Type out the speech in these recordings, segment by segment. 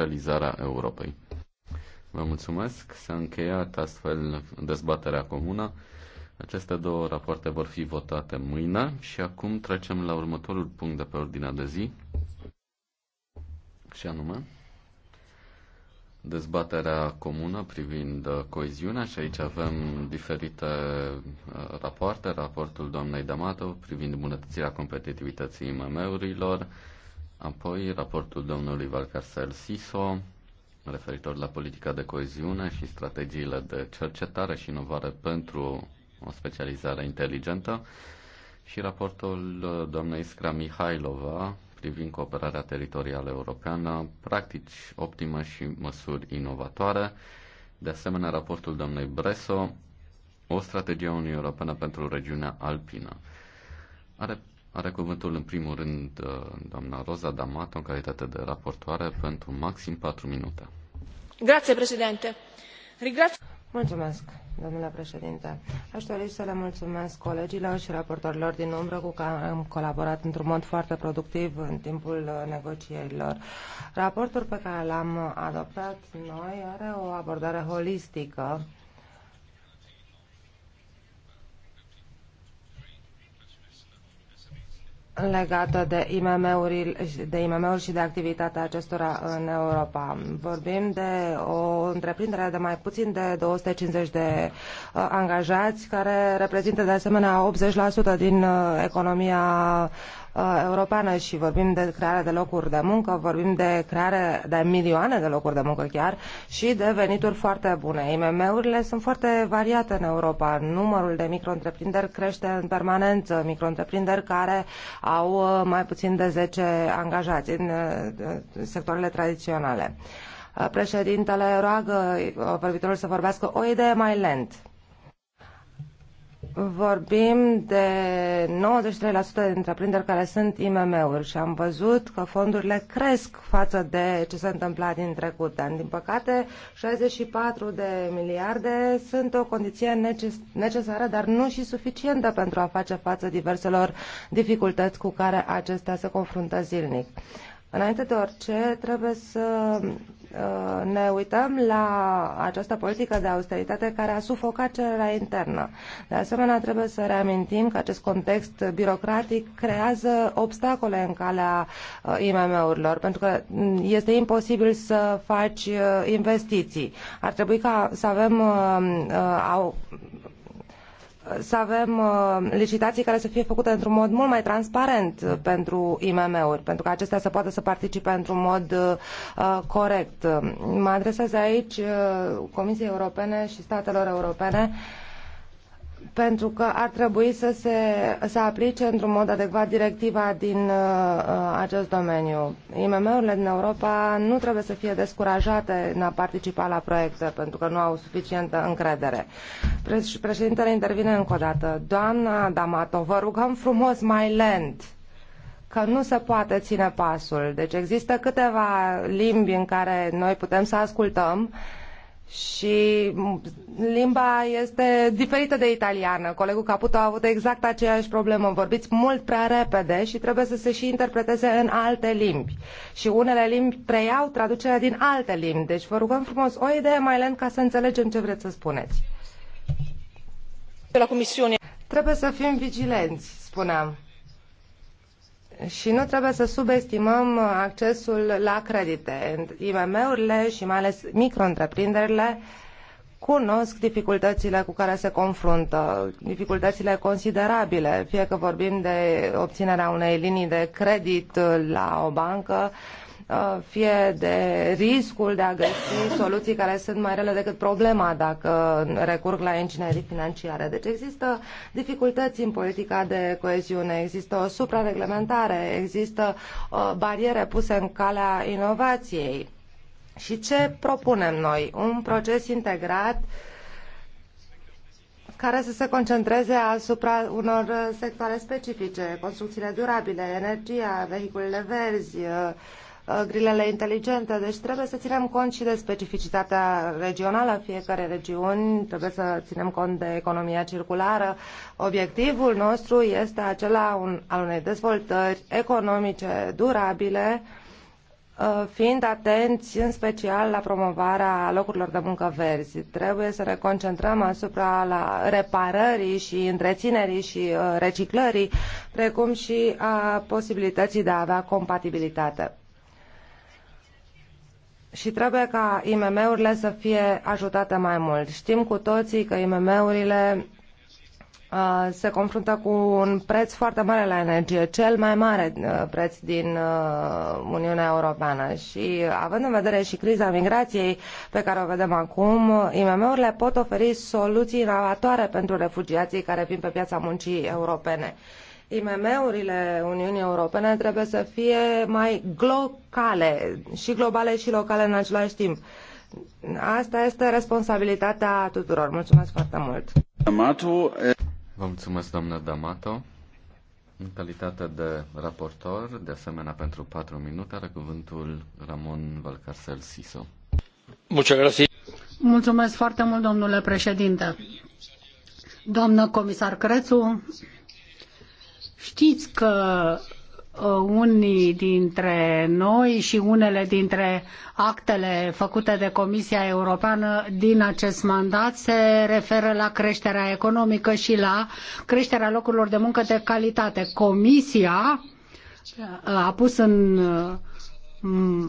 industrializarea Europei. Vă mulțumesc. S-a încheiat astfel dezbaterea comună. Aceste două rapoarte vor fi votate mâine și acum trecem la următorul punct de pe ordinea de zi și anume dezbaterea comună privind coeziunea și aici avem diferite uh, rapoarte, raportul doamnei Damato privind bunătățirea competitivității IMM-urilor, Apoi raportul domnului Valcarcel Siso referitor la politica de coeziune și strategiile de cercetare și inovare pentru o specializare inteligentă și raportul uh, doamnei Iskra Mihailova privind cooperarea teritorială europeană, practici optime și măsuri inovatoare. De asemenea, raportul doamnei Breso, o strategie a Uniunii Europene pentru regiunea alpină. Are are cuvântul în primul rând uh, doamna Roza D'Amato în calitate de raportoare pentru maxim 4 minute. Grazie, președinte. Rigrat... Mulțumesc, domnule președinte. Aș dori să le mulțumesc colegilor și raportorilor din umbră cu care am colaborat într-un mod foarte productiv în timpul uh, negocierilor. Raportul pe care l-am adoptat noi are o abordare holistică legată de IMM-uri de IMM și de activitatea acestora în Europa. Vorbim de o întreprindere de mai puțin de 250 de uh, angajați, care reprezintă de asemenea 80% din uh, economia Uh, europeană și vorbim de crearea de locuri de muncă, vorbim de creare de milioane de locuri de muncă chiar și de venituri foarte bune. IMM-urile sunt foarte variate în Europa. Numărul de micro crește în permanență, micro care au uh, mai puțin de 10 angajați uh, în sectoarele tradiționale. Președintele roagă vorbitorul să vorbească o idee mai lent vorbim de 93% de întreprinderi care sunt IMM-uri și am văzut că fondurile cresc față de ce s-a întâmplat din trecut. Dar, din păcate, 64 de miliarde sunt o condiție neces necesară, dar nu și suficientă pentru a face față diverselor dificultăți cu care acestea se confruntă zilnic. Înainte de orice, trebuie să Uh, ne uităm la această politică de austeritate care a sufocat cererea internă. De asemenea, trebuie să reamintim că acest context birocratic creează obstacole în calea uh, IMM-urilor, pentru că mm, este imposibil să faci uh, investiții. Ar trebui ca să avem să avem uh, licitații care să fie făcute într-un mod mult mai transparent uh, pentru IMM-uri, pentru că acestea să poată să participe într-un mod uh, corect. Mă adresez aici Comisiei Europene și statelor europene pentru că ar trebui să se să aplice într-un mod adecvat directiva din uh, uh acest domeniu. IMM-urile din Europa nu trebuie să fie descurajate în a participa la proiecte pentru că nu au suficientă încredere. Pre- președintele intervine încă o dată. Doamna Damato, vă rugăm frumos mai lent că nu se poate ține pasul. Deci există câteva limbi în care noi putem să ascultăm uh, și limba este diferită de italiană. Colegul Caputo a avut exact aceeași problemă. Vorbiți mult prea repede și trebuie să se și interpreteze în alte limbi. Și unele limbi preiau traducerea din alte limbi. Deci vă rugăm frumos o idee mai lent ca să înțelegem ce vreți să spuneți. De la Comisiune. Trebuie să fim vigilenți, spuneam. Și nu trebuie să subestimăm accesul la credite. IMM-urile și mai ales micro-întreprinderile cunosc dificultățile cu care se confruntă, dificultățile considerabile, fie că vorbim de obținerea unei linii de credit la o bancă, Uh, fie de riscul de a găsi soluții care sunt mai rele decât problema dacă recurg la inginerii financiare. Deci există dificultăți în politica de coeziune, există o suprareglementare, există uh, bariere puse în calea inovației. Și ce propunem noi? Un proces integrat care să se concentreze asupra unor sectoare specifice, construcțiile durabile, energia, vehiculele verzi, uh, Uh, grilele inteligente, deci trebuie să ținem cont și de specificitatea regională a fiecare regiuni, trebuie să ținem cont de economia circulară. Obiectivul nostru este acela un, al unei dezvoltări economice durabile, uh, fiind atenți în special la promovarea locurilor de muncă verzi. Trebuie să ne concentrăm asupra la reparării și întreținerii și uh, reciclării, precum și a posibilității de a avea compatibilitate și trebuie ca IMM-urile să fie ajutate mai mult. Știm cu toții că IMM-urile uh, se confruntă cu un preț foarte mare la energie, cel mai mare uh, preț din uh, Uniunea Europeană. Și având în vedere și criza migrației pe care o vedem acum, IMM-urile pot oferi soluții inovatoare pentru refugiații care vin pe piața muncii europene. IMM-urile Uniunii Europene trebuie să fie mai globale, și globale și locale în același timp. Asta este responsabilitatea tuturor. Mulțumesc foarte mult. Damato. Vă mulțumesc, doamnă Damato. În calitate de raportor, de asemenea pentru patru minute, are cuvântul Ramon Valcarcel Siso. Mulțumesc. Mulțumesc foarte mult, domnule președinte. Doamnă comisar Crețu, Știți că uh, unii dintre noi și unele dintre actele făcute de Comisia Europeană din acest mandat se referă la creșterea economică și la creșterea locurilor de muncă de calitate. Comisia uh, a pus în uh,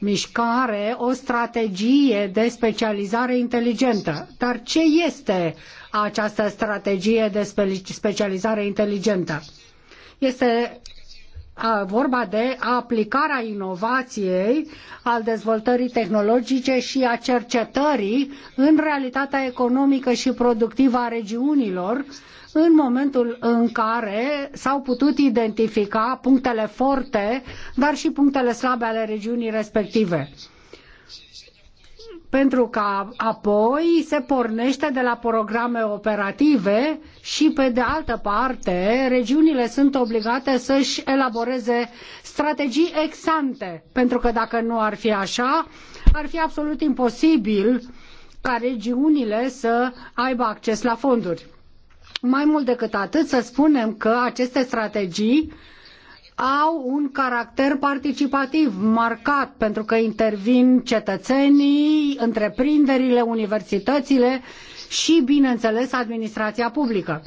mișcare o strategie de specializare inteligentă. Dar ce este această strategie de specializare inteligentă? Este vorba de aplicarea inovației, al dezvoltării tehnologice și a cercetării în realitatea economică și productivă a regiunilor în momentul în care s-au putut identifica punctele forte, dar și punctele slabe ale regiunii respective pentru că apoi se pornește de la programe operative și, pe de altă parte, regiunile sunt obligate să-și elaboreze strategii exante, pentru că dacă nu ar fi așa, ar fi absolut imposibil ca regiunile să aibă acces la fonduri. Mai mult decât atât, să spunem că aceste strategii au un caracter participativ marcat pentru că intervin cetățenii, întreprinderile, universitățile și, bineînțeles, administrația publică.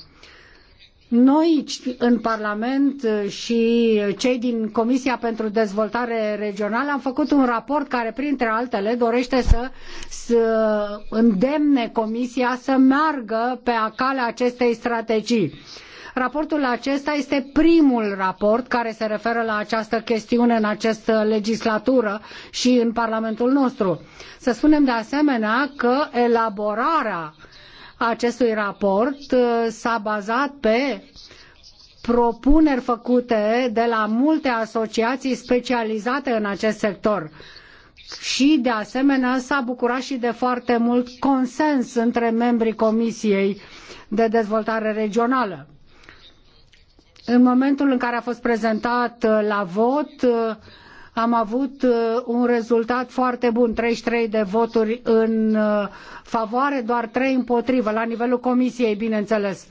Noi în Parlament uh, și cei din Comisia pentru Dezvoltare Regională am făcut un raport care, printre altele, dorește să, să îndemne Comisia să meargă pe calea acestei strategii. Raportul acesta este primul raport care se referă la această chestiune în această legislatură și în Parlamentul nostru. Să spunem de asemenea că elaborarea uh, acestui raport uh, s-a bazat pe propuneri făcute de la multe asociații specializate în acest sector și, de asemenea, s-a bucurat și de foarte mult consens între membrii Comisiei de Dezvoltare Regională. În momentul în care a fost prezentat uh, la vot, uh, am avut uh, un rezultat foarte bun, 33 de voturi în uh, favoare, doar 3 împotrivă, la nivelul comisiei, bineînțeles.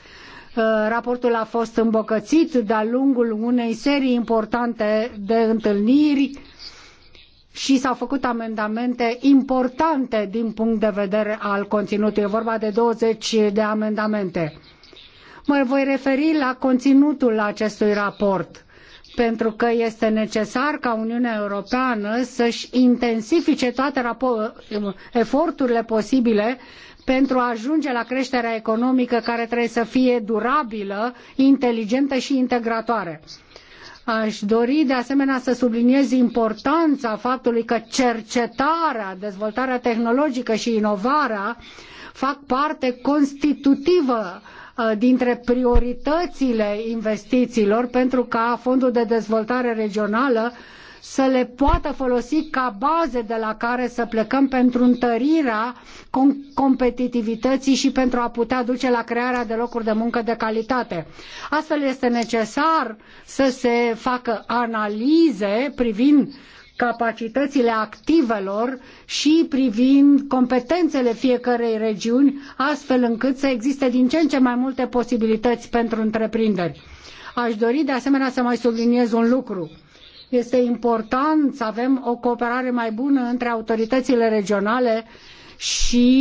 Uh, raportul a fost îmbogățit de-a lungul unei serii importante de întâlniri și s-au făcut amendamente importante din punct de vedere al conținutului. E vorba de 20 de amendamente. Mă voi referi la conținutul acestui raport pentru că este necesar ca Uniunea Europeană să-și intensifice toate eforturile posibile pentru a ajunge la creșterea economică care trebuie să fie durabilă, inteligentă și integratoare. Aș dori de asemenea să subliniez importanța faptului că cercetarea, dezvoltarea tehnologică și inovarea fac parte constitutivă Uh, dintre prioritățile investițiilor pentru ca fondul de dezvoltare regională să le poată folosi ca baze de la care să plecăm pentru întărirea competitivității și pentru a putea duce la crearea de locuri de muncă de calitate. Astfel este necesar să se facă analize privind uh, capacitățile activelor și privind competențele fiecărei regiuni, astfel încât să existe din ce în ce mai multe posibilități pentru întreprinderi. Aș dori de asemenea să mai subliniez un lucru. Este important să avem o cooperare mai bună între autoritățile regionale și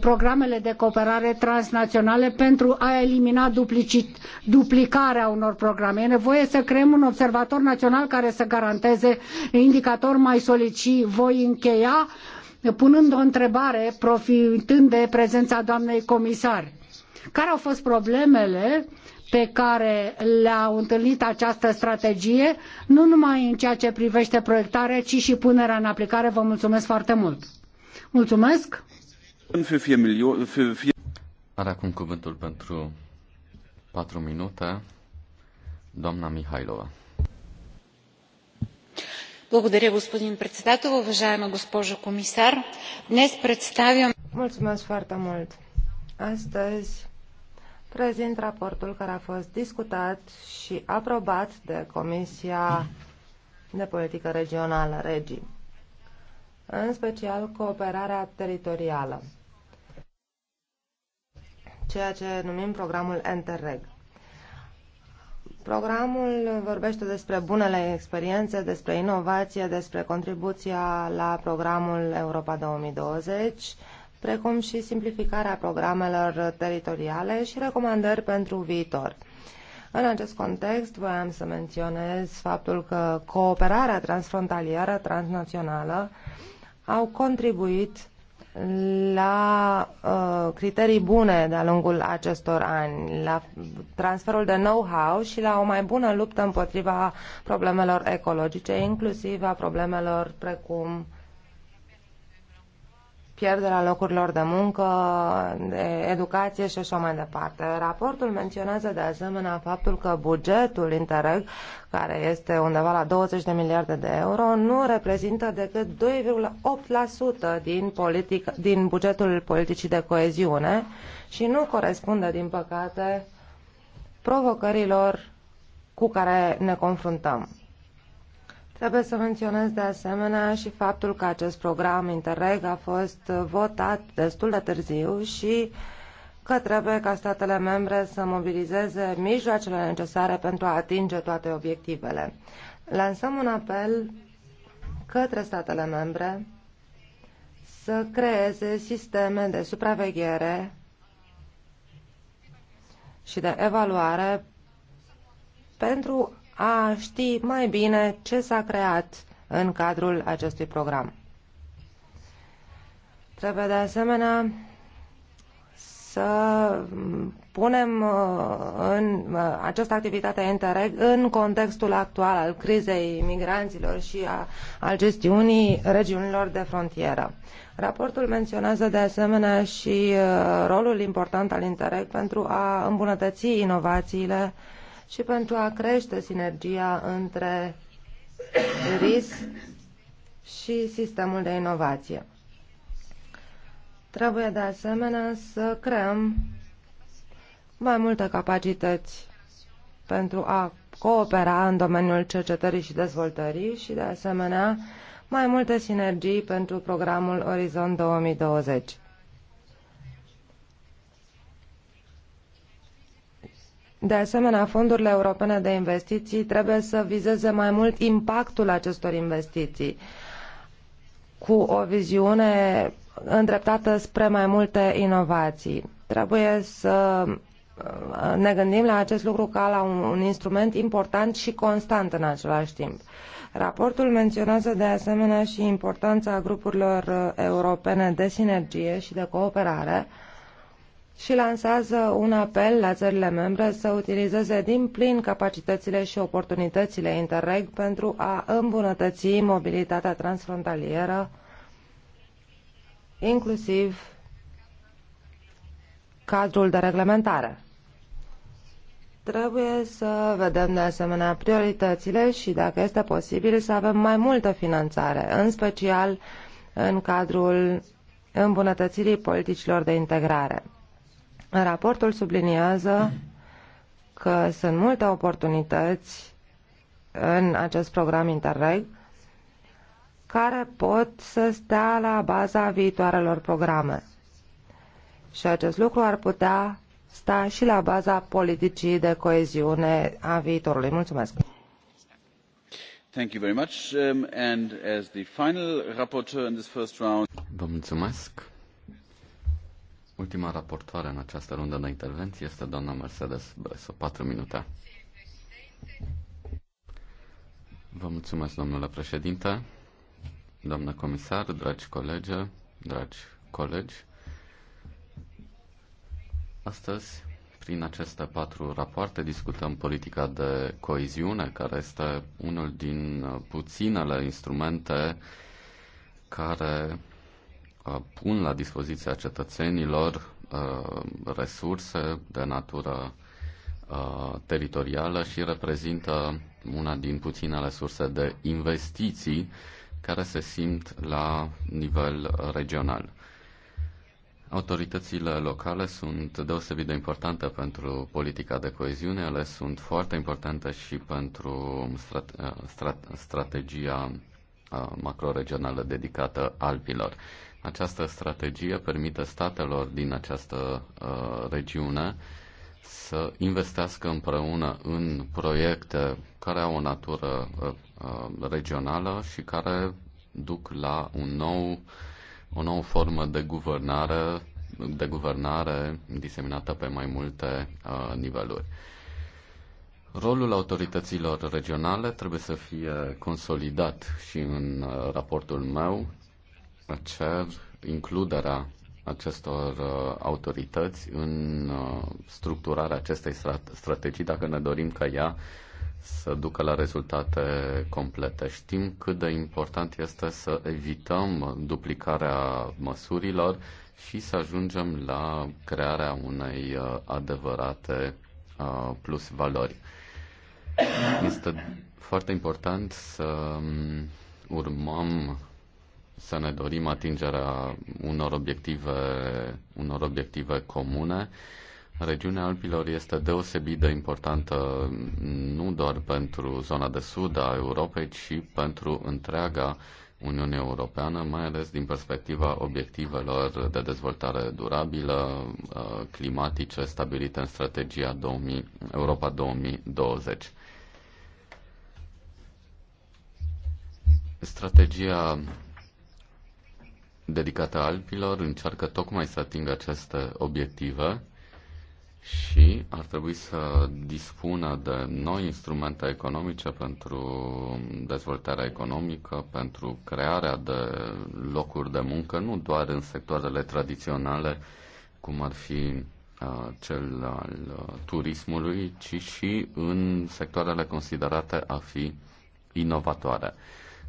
programele de cooperare transnaționale pentru a elimina duplicit, duplicarea unor programe. E nevoie să creăm un observator național care să garanteze indicatori mai solid și voi încheia punând o întrebare, profitând de prezența doamnei comisar. Care au fost problemele pe care le-a întâlnit această strategie, nu numai în ceea ce privește proiectarea, ci și punerea în aplicare. Vă mulțumesc foarte mult! Mulțumesc! Are acum cuvântul pentru 4 minute doamna Mihailova. Благодаря, господин председател. Уважаема госпожо комисар, днес представям... Mulțumesc foarte mult! Astăzi prezint raportul care a fost discutat și aprobat de Comisia de Politică Regională Regii în special cooperarea teritorială, ceea ce numim programul Interreg. Programul vorbește despre bunele experiențe, despre inovație, despre contribuția la programul Europa 2020, precum și simplificarea programelor teritoriale și recomandări pentru viitor. În acest context, voiam să menționez faptul că cooperarea transfrontalieră, transnațională, au contribuit la uh, criterii bune de-a lungul acestor ani, la transferul de know-how și la o mai bună luptă împotriva problemelor ecologice, inclusiv a problemelor precum uh, pierderea locurilor de muncă, de educație și așa mai departe. Raportul menționează de asemenea faptul că bugetul Interreg, care este undeva la 20 de miliarde de euro, nu reprezintă decât 2,8% din, politic, din bugetul politicii de coeziune și nu corespunde, din păcate, provocărilor cu care ne confruntăm. Trebuie să menționez de asemenea și faptul că acest program Interreg a fost votat destul de târziu și că trebuie ca statele membre să mobilizeze mijloacele necesare pentru a atinge toate obiectivele. Lansăm un apel către statele membre să creeze sisteme de supraveghere și de evaluare pentru a ști mai bine ce s-a creat în cadrul acestui program. Trebuie de asemenea să punem uh, în uh, această activitate Interreg în contextul actual al crizei migranților și a, al gestiunii regiunilor de frontieră. Raportul menționează de asemenea și uh, rolul important al Interreg pentru a îmbunătăți inovațiile uh, și pentru a crește sinergia între RIS și sistemul de inovație. Trebuie de asemenea să creăm mai multe capacități pentru a coopera în domeniul cercetării și dezvoltării și de asemenea mai multe sinergii pentru programul Orizont 2020. De asemenea, fondurile europene de investiții trebuie să vizeze mai mult impactul acestor investiții cu o viziune îndreptată spre mai multe inovații. Trebuie să uh, ne gândim la acest lucru ca la un, un instrument important și constant în același timp. Raportul menționează de asemenea și importanța grupurilor uh, europene de sinergie și de cooperare uh, și lansează un apel la țările membre să utilizeze din plin capacitățile și oportunitățile Interreg pentru a îmbunătăți mobilitatea transfrontalieră, inclusiv cadrul de reglementare. Trebuie să vedem de asemenea prioritățile și, dacă este posibil, să avem mai multă finanțare, în special în cadrul îmbunătățirii politicilor de integrare. Raportul subliniază că sunt multe oportunități în acest program Interreg care pot să stea la baza viitoarelor programe. Și acest lucru ar putea sta și la baza politicii de coeziune a viitorului. Mulțumesc! Thank you very much. Um, and as the final rapporteur in this first round... Vă mulțumesc! Ultima raportoare în această rundă de intervenție este doamna Mercedes Breso, 4 minute. Vă mulțumesc, domnule președinte, doamnă comisar, dragi colegi, dragi colegi. Astăzi, prin aceste patru rapoarte, discutăm politica de coeziune, care este unul din puținele instrumente care Uh, pun la dispoziția cetățenilor uh, resurse de natură uh, teritorială și reprezintă una din puținele surse de investiții care se simt la nivel regional. Autoritățile locale sunt deosebit de importante pentru politica de coeziune, ele sunt foarte importante și pentru strate- strate- strategia macroregională dedicată alpilor. Această strategie permite statelor din această uh, regiune să investească împreună în proiecte care au o natură uh, uh, regională și care duc la un nou, o nouă formă de guvernare, de guvernare diseminată pe mai multe uh, niveluri. Rolul autorităților regionale trebuie să fie consolidat și în uh, raportul meu cer includerea acestor uh, autorități în uh, structurarea acestei strategii dacă ne dorim ca ea să ducă la rezultate complete. Știm cât de important este să evităm duplicarea măsurilor și să ajungem la crearea unei uh, adevărate plus valori. Este foarte important să um, urmăm să ne dorim atingerea unor obiective, unor obiective comune. Regiunea Alpilor este deosebit de importantă nu doar pentru zona de sud a Europei, ci pentru întreaga Uniune Europeană, mai ales din perspectiva obiectivelor de dezvoltare durabilă, uh, climatice, stabilite în strategia 2000, Europa 2020. Strategia dedicată Alpilor încearcă tocmai să atingă aceste obiective și ar trebui să dispună de noi instrumente economice pentru dezvoltarea economică, pentru crearea de locuri de muncă, nu doar în sectoarele tradiționale, cum ar fi uh, cel al uh, turismului, ci și în sectoarele considerate a fi inovatoare.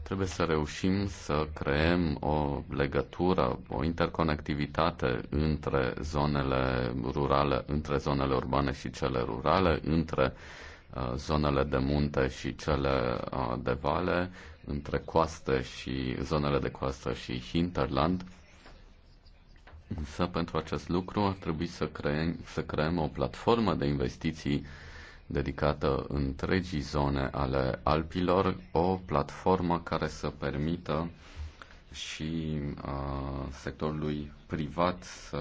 Trebuie să reușim să creăm o legătură, o interconectivitate între zonele rurale, între zonele urbane și cele rurale, între uh, zonele de munte și cele uh, de vale, între coaste și zonele de coastă și hinterland. Însă pentru acest lucru ar trebui să creăm, să creăm o platformă de investiții uh, dedicată întregii zone ale Alpilor, o platformă care să permită și uh, sectorului privat să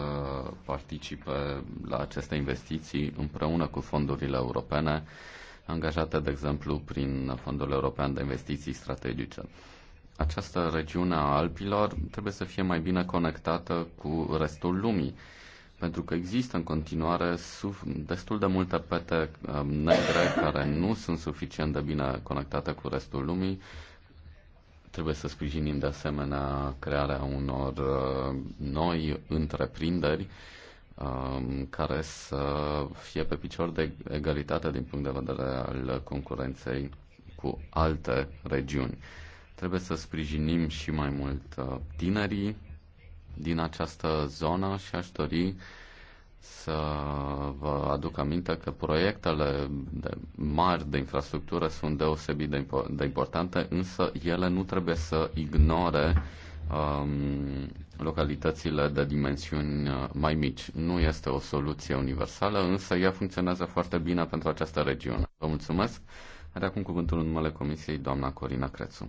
participe la aceste investiții împreună cu fondurile europene angajate, de exemplu, prin Fondul European de Investiții Strategice. Această regiune a Alpilor trebuie să fie mai bine conectată cu restul lumii. Uh, pentru că există în continuare destul de multe pete um, negre care nu sunt suficient de bine conectate cu restul lumii. Trebuie să sprijinim de asemenea crearea unor uh, noi întreprinderi um, care să fie pe picior de egalitate din punct de vedere al concurenței cu alte regiuni. Trebuie să sprijinim și mai mult uh, tinerii din această zonă și aș dori să vă aduc aminte că proiectele de mari de infrastructură sunt deosebit de, impo- de importante, însă ele nu trebuie să ignore um, localitățile de dimensiuni uh, mai mici. Nu este o soluție universală, însă ea funcționează foarte bine pentru această regiune. Vă mulțumesc. Are acum cuvântul în numele Comisiei doamna Corina Crețu.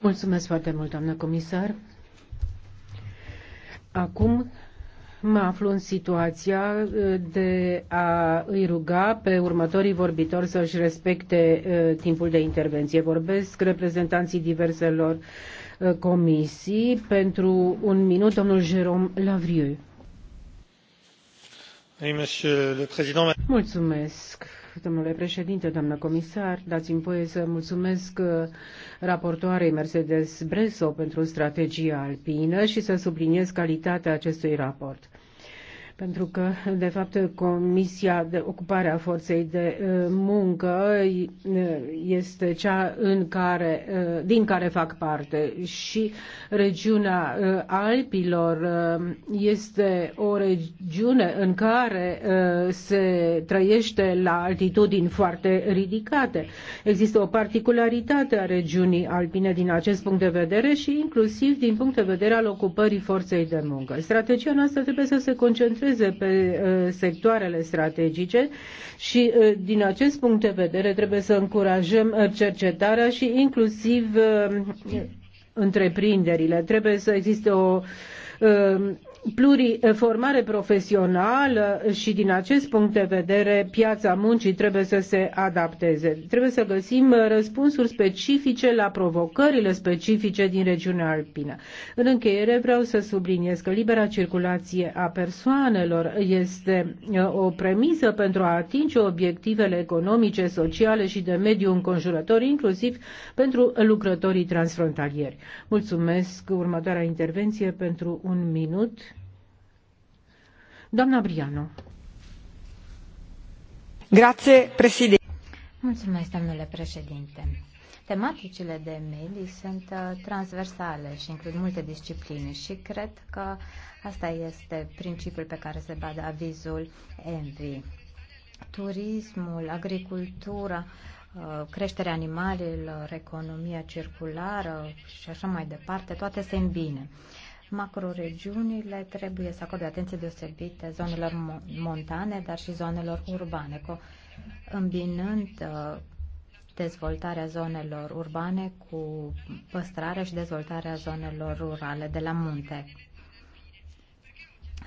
Mulțumesc foarte mult, doamnă comisar. Acum mă aflu în situația uh, de a îi ruga pe următorii vorbitori să-și respecte uh, timpul de intervenție. Vorbesc reprezentanții diverselor uh, comisii. Pentru un minut, domnul Jérôme Lavrieu. Mulțumesc domnule președinte, doamnă comisar. Dați-mi voie să mulțumesc uh, raportoarei Mercedes Breso pentru strategia alpină și să subliniez calitatea acestui raport pentru că, de fapt, Comisia de Ocupare a Forței de uh, Muncă uh, este cea în care, uh, din care fac parte și regiunea Alpilor este o regiune în care se trăiește la altitudini foarte ridicate. Există o particularitate a regiunii alpine din acest punct de vedere și inclusiv din punct de vedere al ocupării forței de muncă. Strategia noastră trebuie să se concentreze concentreze pe uh, sectoarele strategice și uh, din acest punct de vedere trebuie să încurajăm uh, cercetarea și inclusiv întreprinderile. Trebuie să existe o pluriformare profesională și din acest punct de vedere piața muncii trebuie să se adapteze. Trebuie să găsim răspunsuri specifice la provocările specifice din regiunea alpină. În încheiere vreau să subliniez că libera circulație a persoanelor este o premisă pentru a atinge obiectivele economice, sociale și de mediu înconjurător, inclusiv pentru lucrătorii transfrontalieri. Mulțumesc următoarea intervenție pentru un minut. Doamna Briano. Grație, președinte. Mulțumesc, domnule președinte. Tematicile de medii sunt uh, transversale și includ multe discipline și cred că asta este principiul pe care se bazează avizul ENVI. Turismul, agricultura, uh, creșterea animalelor, economia circulară și așa mai departe, toate se îmbină. Macroregiunile trebuie să acorde atenție deosebită zonelor montane, dar și zonelor urbane, cu, îmbinând uh, dezvoltarea zonelor urbane cu păstrarea și dezvoltarea zonelor rurale de la munte.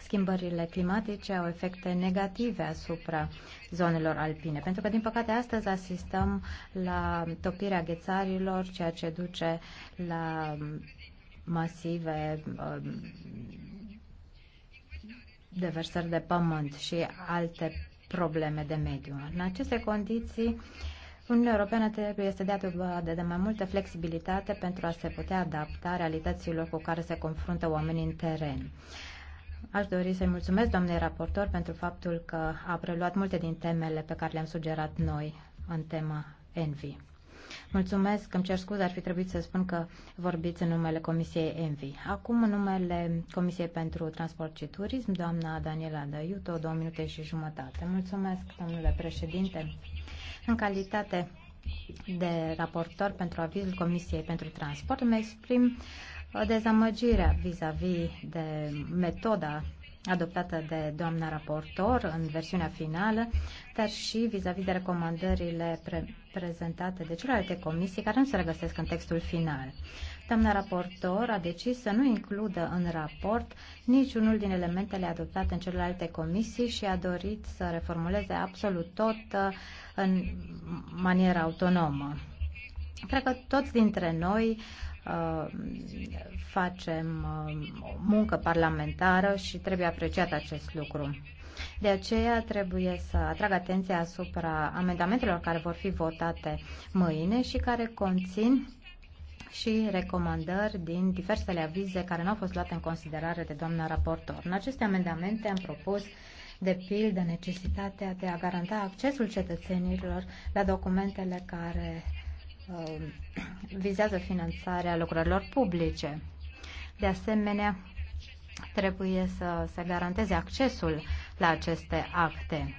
Schimbările climatice au efecte negative asupra zonelor alpine, pentru că, din păcate, astăzi asistăm la topirea ghețarilor, ceea ce duce la masive um, deversări de pământ și alte probleme de mediu. În aceste condiții, Uniunea Europeană trebuie să dea dovadă de mai multă flexibilitate pentru a se putea adapta realităților cu care se confruntă oamenii în teren. Aș dori să-i mulțumesc doamnei raportor pentru faptul că a preluat multe din temele pe care le-am sugerat noi în tema Envy. Mulțumesc, îmi cer scuze, ar fi trebuit să spun că vorbiți în numele Comisiei Envi. Acum, în numele Comisiei pentru Transport și Turism, doamna Daniela Dăiuto, două minute și jumătate. Mulțumesc, domnule președinte. În calitate de raportor pentru avizul Comisiei pentru Transport, îmi exprim dezamăgirea vis-a-vis -vis de metoda adoptată de doamna raportor în versiunea finală, dar și vis-a-vis -vis de recomandările pre- prezentate de celelalte comisii care nu se regăsesc în textul final. Doamna raportor a decis să nu includă în raport niciunul din elementele adoptate în celelalte comisii și a dorit să reformuleze absolut tot uh, în manieră autonomă. Cred că toți dintre noi uh, facem uh, muncă parlamentară și trebuie apreciat acest lucru. De aceea trebuie să atrag atenția asupra amendamentelor care vor fi votate mâine și care conțin și recomandări din diversele avize care nu au fost luate în considerare de doamna raportor. În aceste amendamente am propus de pildă necesitatea de a garanta accesul cetățenilor la documentele care uh, vizează finanțarea lucrărilor publice. De asemenea, trebuie să se garanteze accesul la aceste acte.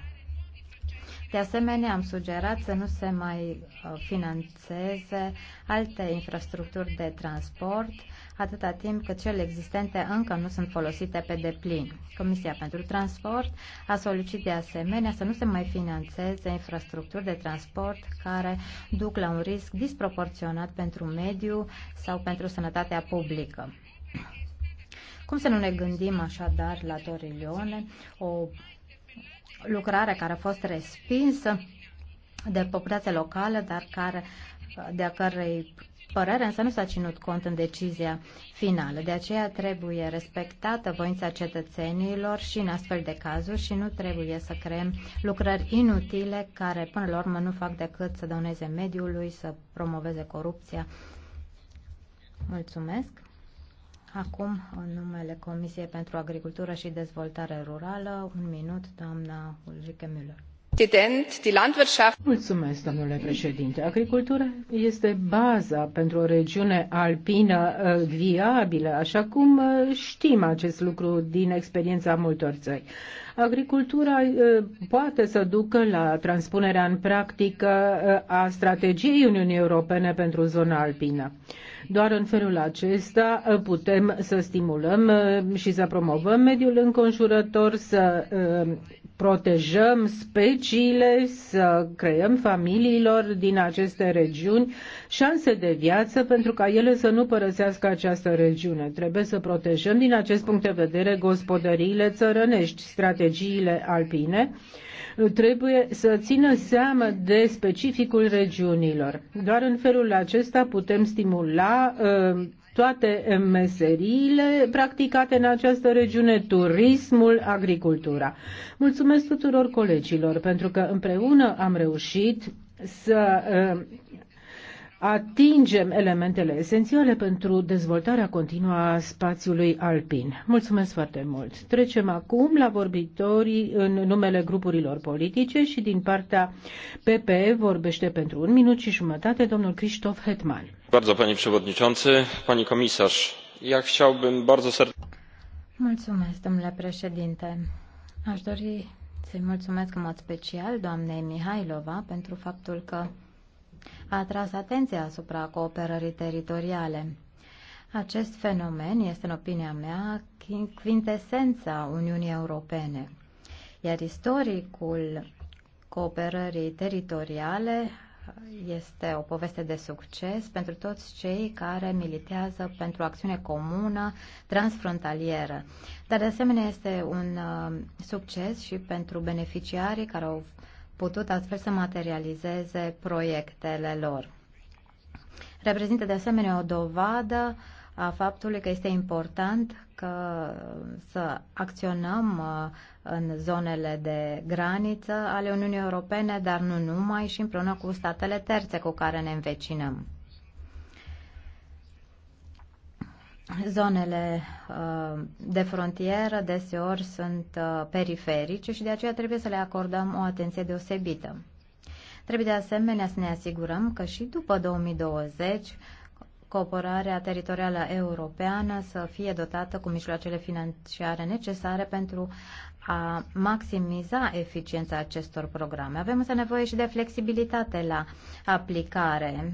De asemenea, am sugerat să nu se mai uh, financeze alte infrastructuri de transport atâta timp cât cele existente încă nu sunt folosite pe deplin. Comisia pentru Transport a solicit de asemenea să nu se mai financeze infrastructuri de transport care duc la un risc disproporționat pentru mediu sau pentru sănătatea publică. Cum să nu ne gândim așadar la Torilione, o lucrare care a fost respinsă de populația locală, dar care, de a cărei părere însă nu s-a ținut cont în decizia finală. De aceea trebuie respectată voința cetățenilor și în astfel de cazuri și nu trebuie să creăm lucrări inutile care până la urmă nu fac decât să dăuneze mediului, să promoveze corupția. Mulțumesc. Acum, în numele Comisiei pentru Agricultură și Dezvoltare Rurală, un minut, doamna Ulrike Müller. Mulțumesc, domnule președinte. Agricultura este baza pentru o regiune alpină uh, viabilă, așa cum uh, știm acest lucru din experiența multor țări. Agricultura uh, poate să ducă la transpunerea în practică a strategiei Uniunii Europene pentru zona alpină. Doar în felul acesta uh, putem să stimulăm uh, și să promovăm mediul înconjurător, să uh, protejăm speciile, să creăm familiilor din aceste regiuni șanse de viață pentru ca ele să nu părăsească această regiune. Trebuie să protejăm din acest punct de vedere gospodăriile țărănești, strategiile alpine trebuie să țină seama de specificul regiunilor. Doar în felul acesta putem stimula uh, toate meseriile practicate în această regiune, turismul, agricultura. Mulțumesc tuturor colegilor pentru că împreună am reușit să uh, atingem elementele esențiale pentru dezvoltarea continuă a spațiului alpin. Mulțumesc foarte mult. Trecem acum la vorbitorii în numele grupurilor politice și din partea PPE vorbește pentru un minut și jumătate domnul Cristof Hetman. Bardzo pani przewodniczący, pani komisarz. Ja chciałbym bardzo serdecznie Mulțumesc, domnule președinte. Aș dori să-i mulțumesc în mod special doamnei Mihailova pentru faptul că a atras atenția asupra cooperării teritoriale. Acest fenomen este, în opinia mea, quintesența Uniunii Europene, iar istoricul cooperării teritoriale este o poveste de succes pentru toți cei care militează pentru acțiune comună transfrontalieră. Dar de asemenea este un uh, succes și pentru beneficiarii care au putut astfel să materializeze proiectele lor. Reprezintă de asemenea o dovadă a faptului că este important că să acționăm uh, în zonele de graniță ale Uniunii Europene, dar nu numai, și împreună cu statele terțe cu care ne învecinăm. zonele uh, de frontieră deseori sunt uh, periferice și de aceea trebuie să le acordăm o atenție deosebită. Trebuie de asemenea să ne asigurăm că și după 2020 cooperarea teritorială europeană să fie dotată cu mijloacele financiare necesare pentru a maximiza eficiența acestor programe. Avem însă nevoie și de flexibilitate la aplicare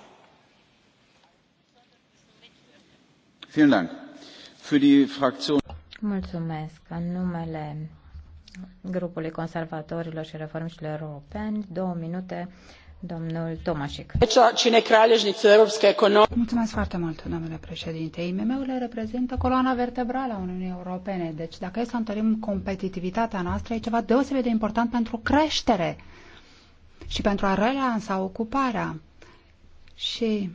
Mulțumesc. În numele grupului conservatorilor și reformiștilor europeni, două minute, domnul Tomașic. Mulțumesc foarte mult, domnule președinte. IMM-urile reprezintă coloana vertebrală a Uniunii Europene, deci dacă e să întărim competitivitatea noastră, e ceva deosebit de important pentru creștere și pentru a relansa ocuparea. Și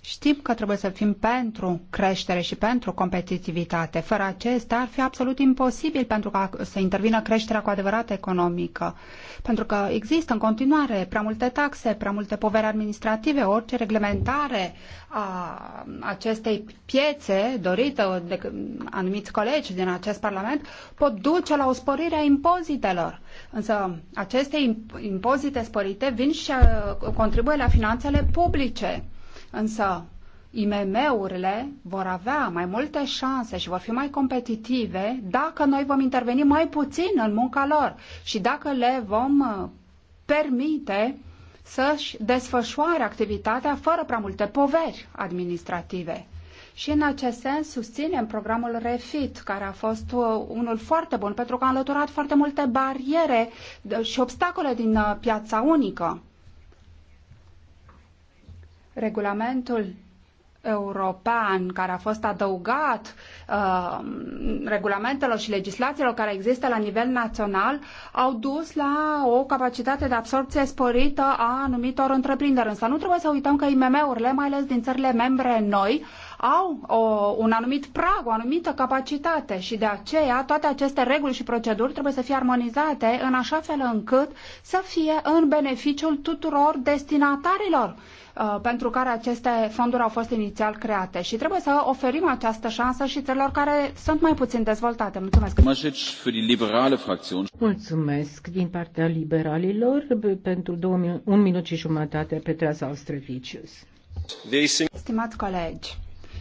Știm că trebuie să fim pentru creștere și pentru competitivitate. Fără acesta ar fi absolut imposibil pentru ca să intervină creșterea cu adevărat economică. Pentru că există în continuare prea multe taxe, prea multe povere administrative, orice reglementare a acestei piețe dorită de anumiți colegi din acest Parlament pot duce la o sporire a impozitelor. Însă aceste impozite sporite vin și uh, contribuie la finanțele publice Însă IMM-urile vor avea mai multe șanse și vor fi mai competitive dacă noi vom interveni mai puțin în munca lor și dacă le vom uh, permite să-și desfășoare activitatea fără prea multe poveri administrative. Și în acest sens susținem programul REFIT, care a fost uh, unul foarte bun pentru că a înlăturat foarte multe bariere uh, și obstacole din piața unică. Regulamentul european care a fost adăugat uh, regulamentelor și legislațiilor care există la nivel național au dus la o capacitate de absorpție sporită a anumitor întreprinderi. Însă nu trebuie să uităm că IMM-urile, mai ales din țările membre noi, au o, un anumit prag, o anumită capacitate și de aceea toate aceste reguli și proceduri trebuie să fie armonizate în așa fel încât să fie în beneficiul tuturor destinatarilor uh, pentru care aceste fonduri au fost inițial create și trebuie să oferim această șansă și celor care sunt mai puțin dezvoltate. Mulțumesc! Mulțumesc din partea liberalilor pentru 1 un minut și jumătate Petra Austrevicius. Stimați colegi,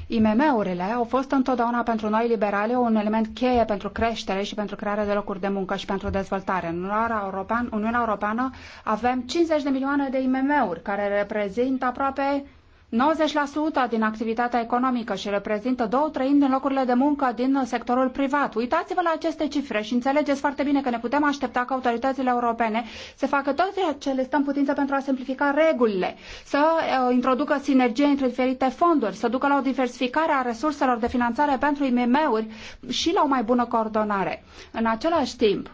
IMM-urile au fost întotdeauna pentru noi liberale un element cheie pentru creștere și pentru crearea de locuri de muncă și pentru dezvoltare. În Uniunea Europeană, Uniunea Europeană avem 50 de milioane de IMM-uri, care reprezintă aproape 90% din activitatea economică și reprezintă două treimi din locurile de muncă din sectorul privat. Uitați-vă la aceste cifre și înțelegeți foarte bine că ne putem aștepta ca autoritățile europene să facă tot ceea ce le stă în putință pentru a simplifica regulile, să uh, introducă sinergie între diferite fonduri, să ducă la o diversificare a resurselor de finanțare pentru IMM-uri și la o mai bună coordonare. În același timp,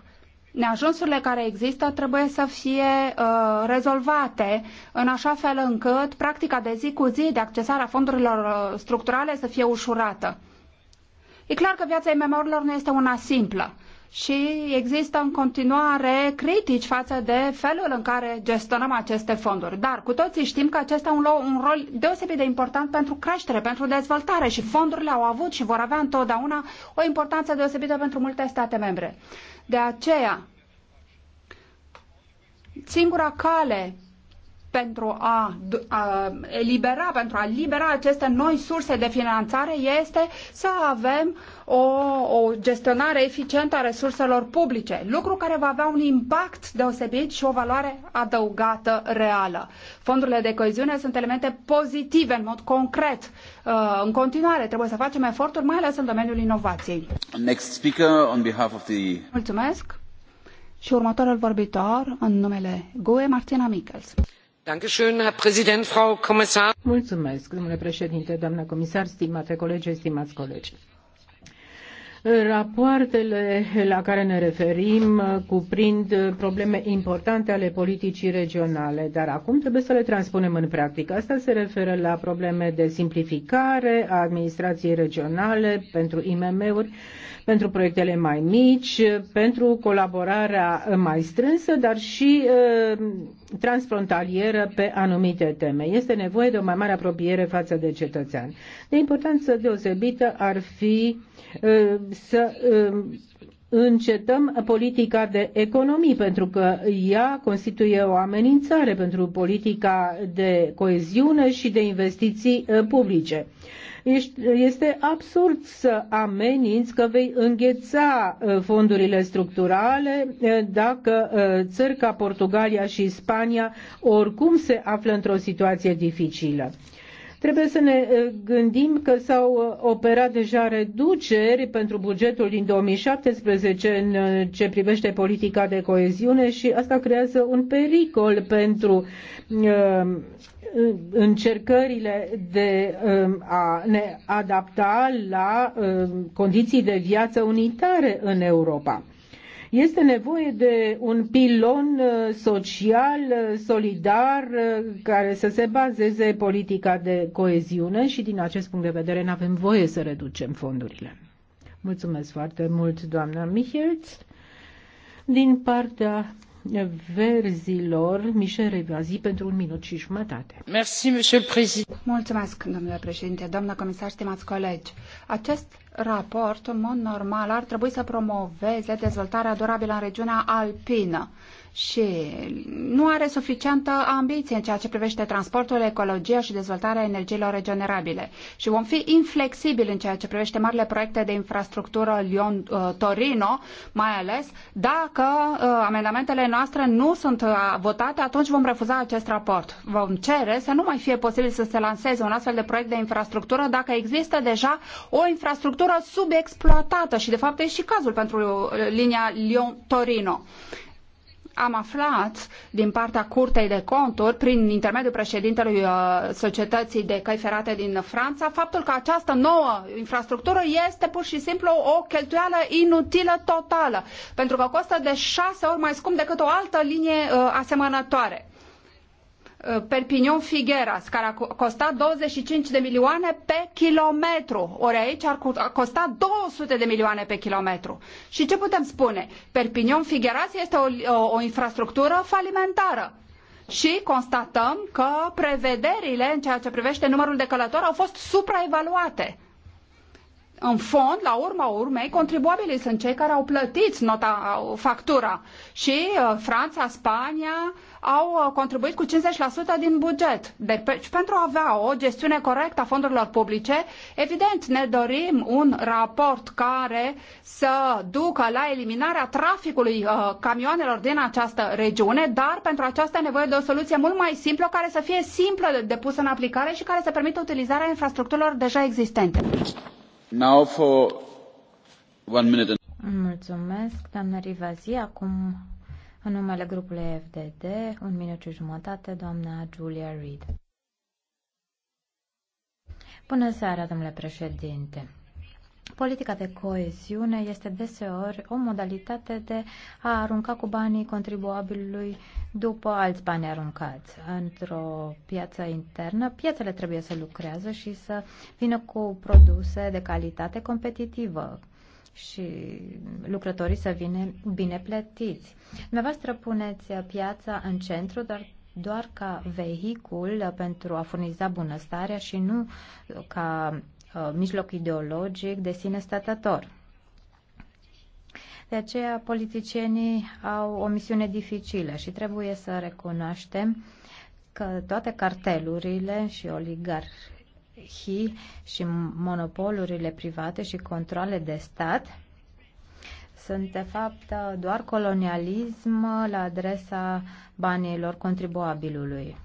neajunsurile care există trebuie să fie uh, rezolvate în așa fel încât practica de zi cu zi de accesarea fondurilor uh, structurale să fie ușurată. E clar că viața IMM-urilor nu este una simplă și există în continuare critici față de felul în care gestionăm aceste fonduri. Dar cu toții știm că acesta un, un rol deosebit de important pentru creștere, pentru dezvoltare și fondurile au avut și vor avea întotdeauna o importanță deosebită pentru multe state membre. De aceea, singura cale pentru a, a elibera, pentru a libera aceste noi surse de finanțare este să avem o, o gestionare eficientă a resurselor publice, lucru care va avea un impact deosebit și o valoare adăugată reală. Fondurile de coeziune sunt elemente pozitive în mod concret. Uh, în continuare, trebuie să facem eforturi, mai ales în domeniul inovației. Next speaker on behalf of the... Mulțumesc. Și următorul vorbitor, în numele GUE, Martina Michels. Mulțumesc, domnule președinte, doamnă comisar, stimate colegi, stimați colegi. Rapoartele la care ne referim cuprind probleme importante ale politicii regionale, dar acum trebuie să le transpunem în practică. Asta se referă la probleme de simplificare a administrației regionale pentru IMM-uri, pentru proiectele mai mici, pentru colaborarea mai strânsă, dar și transfrontalieră pe anumite teme. Este nevoie de o mai mare apropiere față de cetățeani. De importanță deosebită ar fi să încetăm politica de economii, pentru că ea constituie o amenințare pentru politica de coeziune și de investiții publice. Este absurd să ameninți că vei îngheța uh, fondurile structurale uh, dacă uh, țări ca Portugalia și Spania oricum se află într-o situație dificilă. Trebuie să ne gândim că s-au operat deja reduceri pentru bugetul din 2017 în ce privește politica de coeziune și asta creează un pericol pentru încercările de um, a ne adapta la um, condiții de viață unitare în Europa. Este nevoie de un pilon uh, social, uh, solidar, uh, care să se bazeze politica de coeziune și din acest punct de vedere nu avem voie să reducem fondurile. Mulțumesc foarte mult, doamna Michelț. Din partea verzilor, Michel Revazi, pentru un minut și jumătate. Merci, monsieur président. Mulțumesc, domnule președinte, doamnă comisar, stimați colegi. Acest raport, în mod normal, ar trebui să promoveze dezvoltarea durabilă în regiunea alpină și nu are suficientă ambiție în ceea ce privește transportul, ecologia și dezvoltarea energiilor regenerabile. Și vom fi inflexibili în ceea ce privește marile proiecte de infrastructură Lyon-Torino, mai ales dacă uh, amendamentele noastre nu sunt uh, votate, atunci vom refuza acest raport. Vom cere să nu mai fie posibil să se lanseze un astfel de proiect de infrastructură dacă există deja o infrastructură subexploatată și de fapt e și cazul pentru uh, linia Lyon-Torino am aflat din partea Curtei de Conturi, prin intermediul președintelui uh, Societății de Căi Ferate din Franța, faptul că această nouă infrastructură este pur și simplu o cheltuială inutilă totală, pentru că costă de șase ori mai scump decât o altă linie uh, asemănătoare. Uh, Perpignan-Figueras, care a costat 25 de milioane pe kilometru. Ori aici ar costa 200 de milioane pe kilometru. Și ce putem spune? Perpignan-Figueras este o, o, o infrastructură falimentară și constatăm că prevederile în ceea ce privește numărul de călători au fost supraevaluate. În fond, la urma urmei, contribuabilii sunt cei care au plătit nota, factura. Și uh, Franța, Spania, au uh, contribuit cu 50% din buget. Deci pentru a avea o gestiune corectă a fondurilor publice, evident ne dorim un raport care să ducă la eliminarea traficului uh, camioanelor din această regiune, dar pentru aceasta e nevoie de o soluție mult mai simplă, care să fie simplă de pus în aplicare și care să permită utilizarea infrastructurilor deja existente. Now for one minute. Mulțumesc, doamnă Rivazi. Acum în numele grupului FDD, un minut și jumătate, doamna Julia Reed. Bună seara, domnule președinte! Politica de coeziune este deseori o modalitate de a arunca cu banii contribuabilului după alți bani aruncați. Într-o piață internă, piețele trebuie să lucrează și să vină cu produse de calitate competitivă, și lucrătorii să vină bine plătiți. Dumneavoastră puneți piața în centru, dar doar ca vehicul pentru a furniza bunăstarea și nu ca uh, mijloc ideologic de sine statător. De aceea, politicienii au o misiune dificilă și trebuie să recunoaștem că toate cartelurile și oligar- hierarhii și monopolurile private și controle de stat sunt de fapt doar colonialism la adresa banilor contribuabilului.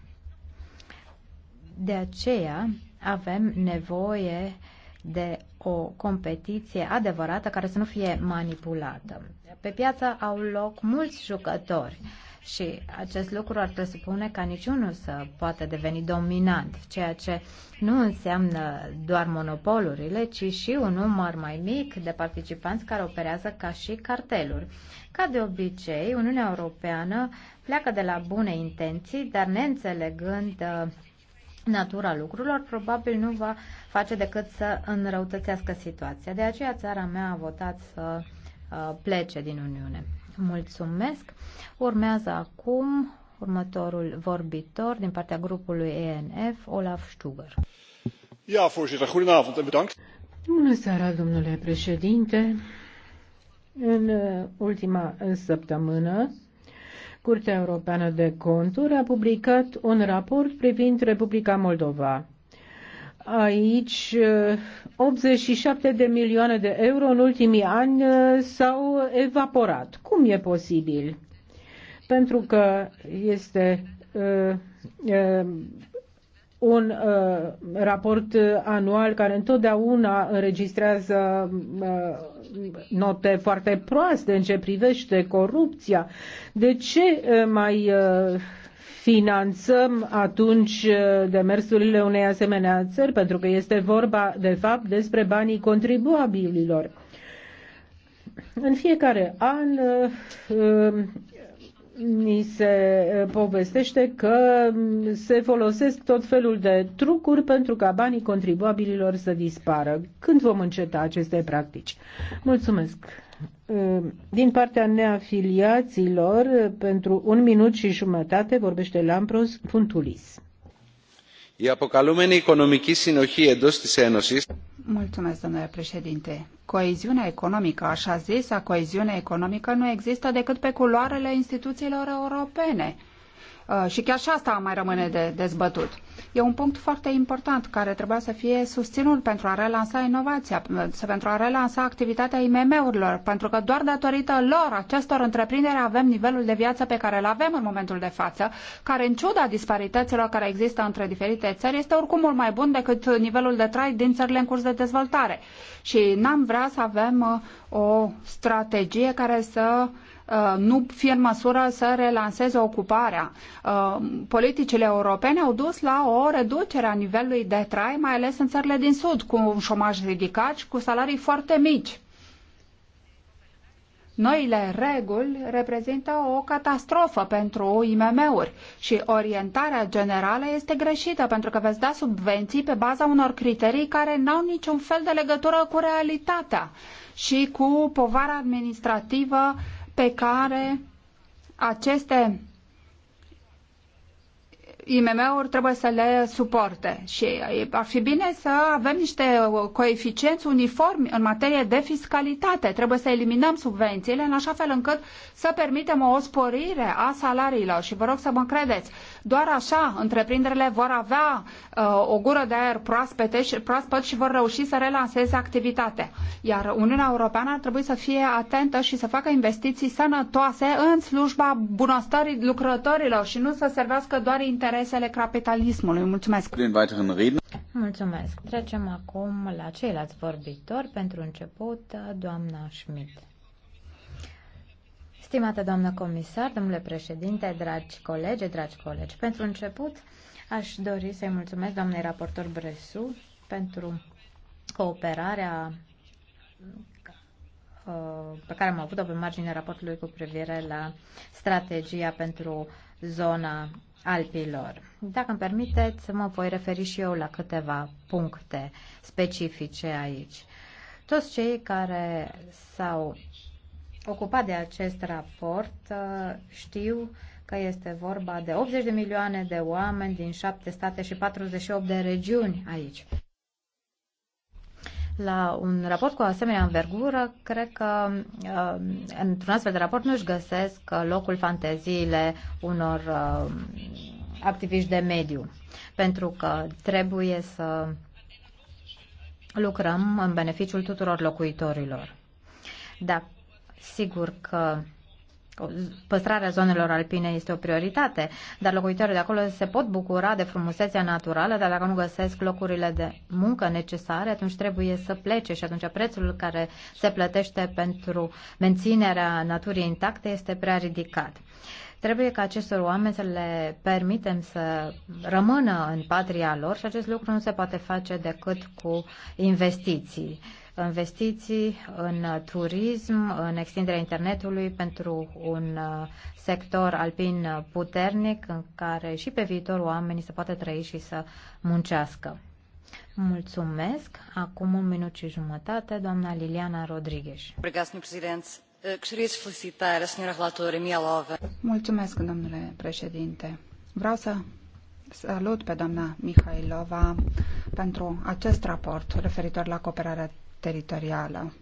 De aceea avem nevoie de o competiție adevărată care să nu fie manipulată. Pe piață au loc mulți jucători și acest lucru ar presupune ca niciunul să poată deveni dominant, ceea ce nu înseamnă doar monopolurile, ci și un număr mai mic de participanți care operează ca și carteluri. Ca de obicei, Uniunea Europeană pleacă de la bune intenții, dar neînțelegând uh, natura lucrurilor, probabil nu va face decât să înrăutățească situația. De aceea țara mea a votat să uh, plece din Uniune. Mulțumesc. Urmează acum următorul vorbitor din partea grupului ENF, Olaf Stugăr. Ja, voorzitter, goedenavond en bedankt. Bună seara, domnule președinte. În ultima săptămână, Curtea Europeană de Conturi a publicat un raport privind Republica Moldova aici 87 uh, de milioane de euro în ultimii ani uh, s-au evaporat. Cum e posibil? Pentru că este uh, uh, un uh, raport anual care întotdeauna înregistrează uh, note foarte proaste în ce privește corupția. De ce uh, mai uh, finanțăm atunci uh, demersurile unei asemenea țări, pentru că este vorba, de fapt, despre banii contribuabililor. În fiecare an uh, uh, ni se povestește că um, se folosesc tot felul de trucuri pentru ca banii contribuabililor să dispară. Când vom înceta aceste practici? Mulțumesc! Eh, din partea neafiliaților, eh, pentru un minut și jumătate, vorbește Lampros Funtulis. Η αποκαλούμενη οικονομική συνοχή εντός Mulțumesc, domnule președinte. Coeziunea economică, așa zisă, coeziunea economică nu există decât pe culoarele instituțiilor europene. Uh, și chiar și asta mai rămâne de dezbătut. E un punct foarte important care trebuia să fie susținut pentru a relansa inovația, pentru a relansa activitatea IMM-urilor, pentru că doar datorită lor, acestor întreprinderi, avem nivelul de viață pe care îl avem în momentul de față, care în ciuda disparităților care există între diferite țări, este oricum mult mai bun decât nivelul de trai din țările în curs de dezvoltare. Și n-am vrea să avem uh, o strategie care să Uh, nu fie în măsură să relanseze ocuparea. Uh, politicile europene au dus la o reducere a nivelului de trai, mai ales în țările din Sud, cu un șomaj ridicat și cu salarii foarte mici. Noile reguli reprezintă o catastrofă pentru IMM-uri și orientarea generală este greșită pentru că veți da subvenții pe baza unor criterii care n-au niciun fel de legătură cu realitatea și cu povara administrativă uh, pe care aceste IMM-uri trebuie să le suporte și ar fi bine să avem niște coeficienți uniformi în materie de fiscalitate. Trebuie să eliminăm subvențiile în așa fel încât să permitem o sporire a salariilor și vă rog să mă credeți. Doar așa întreprinderile vor avea uh, o gură de aer proaspete și, proaspăt și vor reuși să relanseze activitatea. Iar Uniunea Europeană ar trebui să fie atentă și să facă investiții sănătoase în slujba bunăstării lucrătorilor și nu să servească doar interesele capitalismului. Mulțumesc! Mulțumesc! Trecem acum la ceilalți vorbitori. Pentru început, doamna Schmidt. Stimată doamnă comisar, domnule președinte, dragi colegi, dragi colegi, pentru început aș dori să-i mulțumesc doamnei raportor Bresu pentru cooperarea uh, pe care am avut-o pe marginea raportului cu privire la strategia pentru zona alpilor. Dacă îmi permiteți, mă voi referi și eu la câteva puncte specifice aici. Toți cei care s-au ocupat de acest raport uh, știu că este vorba de 80 de milioane de oameni din 7 state și 48 de regiuni aici. La un raport cu o asemenea învergură, cred că uh, într-un astfel de raport nu-și găsesc uh, locul fanteziile unor activiști de mediu, pentru că trebuie să lucrăm în beneficiul tuturor locuitorilor. Dacă Sigur că păstrarea zonelor alpine este o prioritate, dar locuitorii de acolo se pot bucura de frumusețea naturală, dar dacă nu găsesc locurile de muncă necesare, atunci trebuie să plece și atunci prețul care se plătește pentru menținerea naturii intacte este prea ridicat. Trebuie ca acestor oameni să le permitem să rămână în patria lor și acest lucru nu se poate face decât cu investiții. Uh, investiții în turism, în extinderea internetului pentru un uh, sector alpin puternic în care și pe viitor oamenii să poată trăi și să muncească. Mulțumesc. Acum un minut și jumătate, doamna Liliana Rodriguez. Eh, Mulțumesc, domnule președinte. Vreau să salut pe doamna Mihailova pentru acest raport referitor la cooperarea teritorială.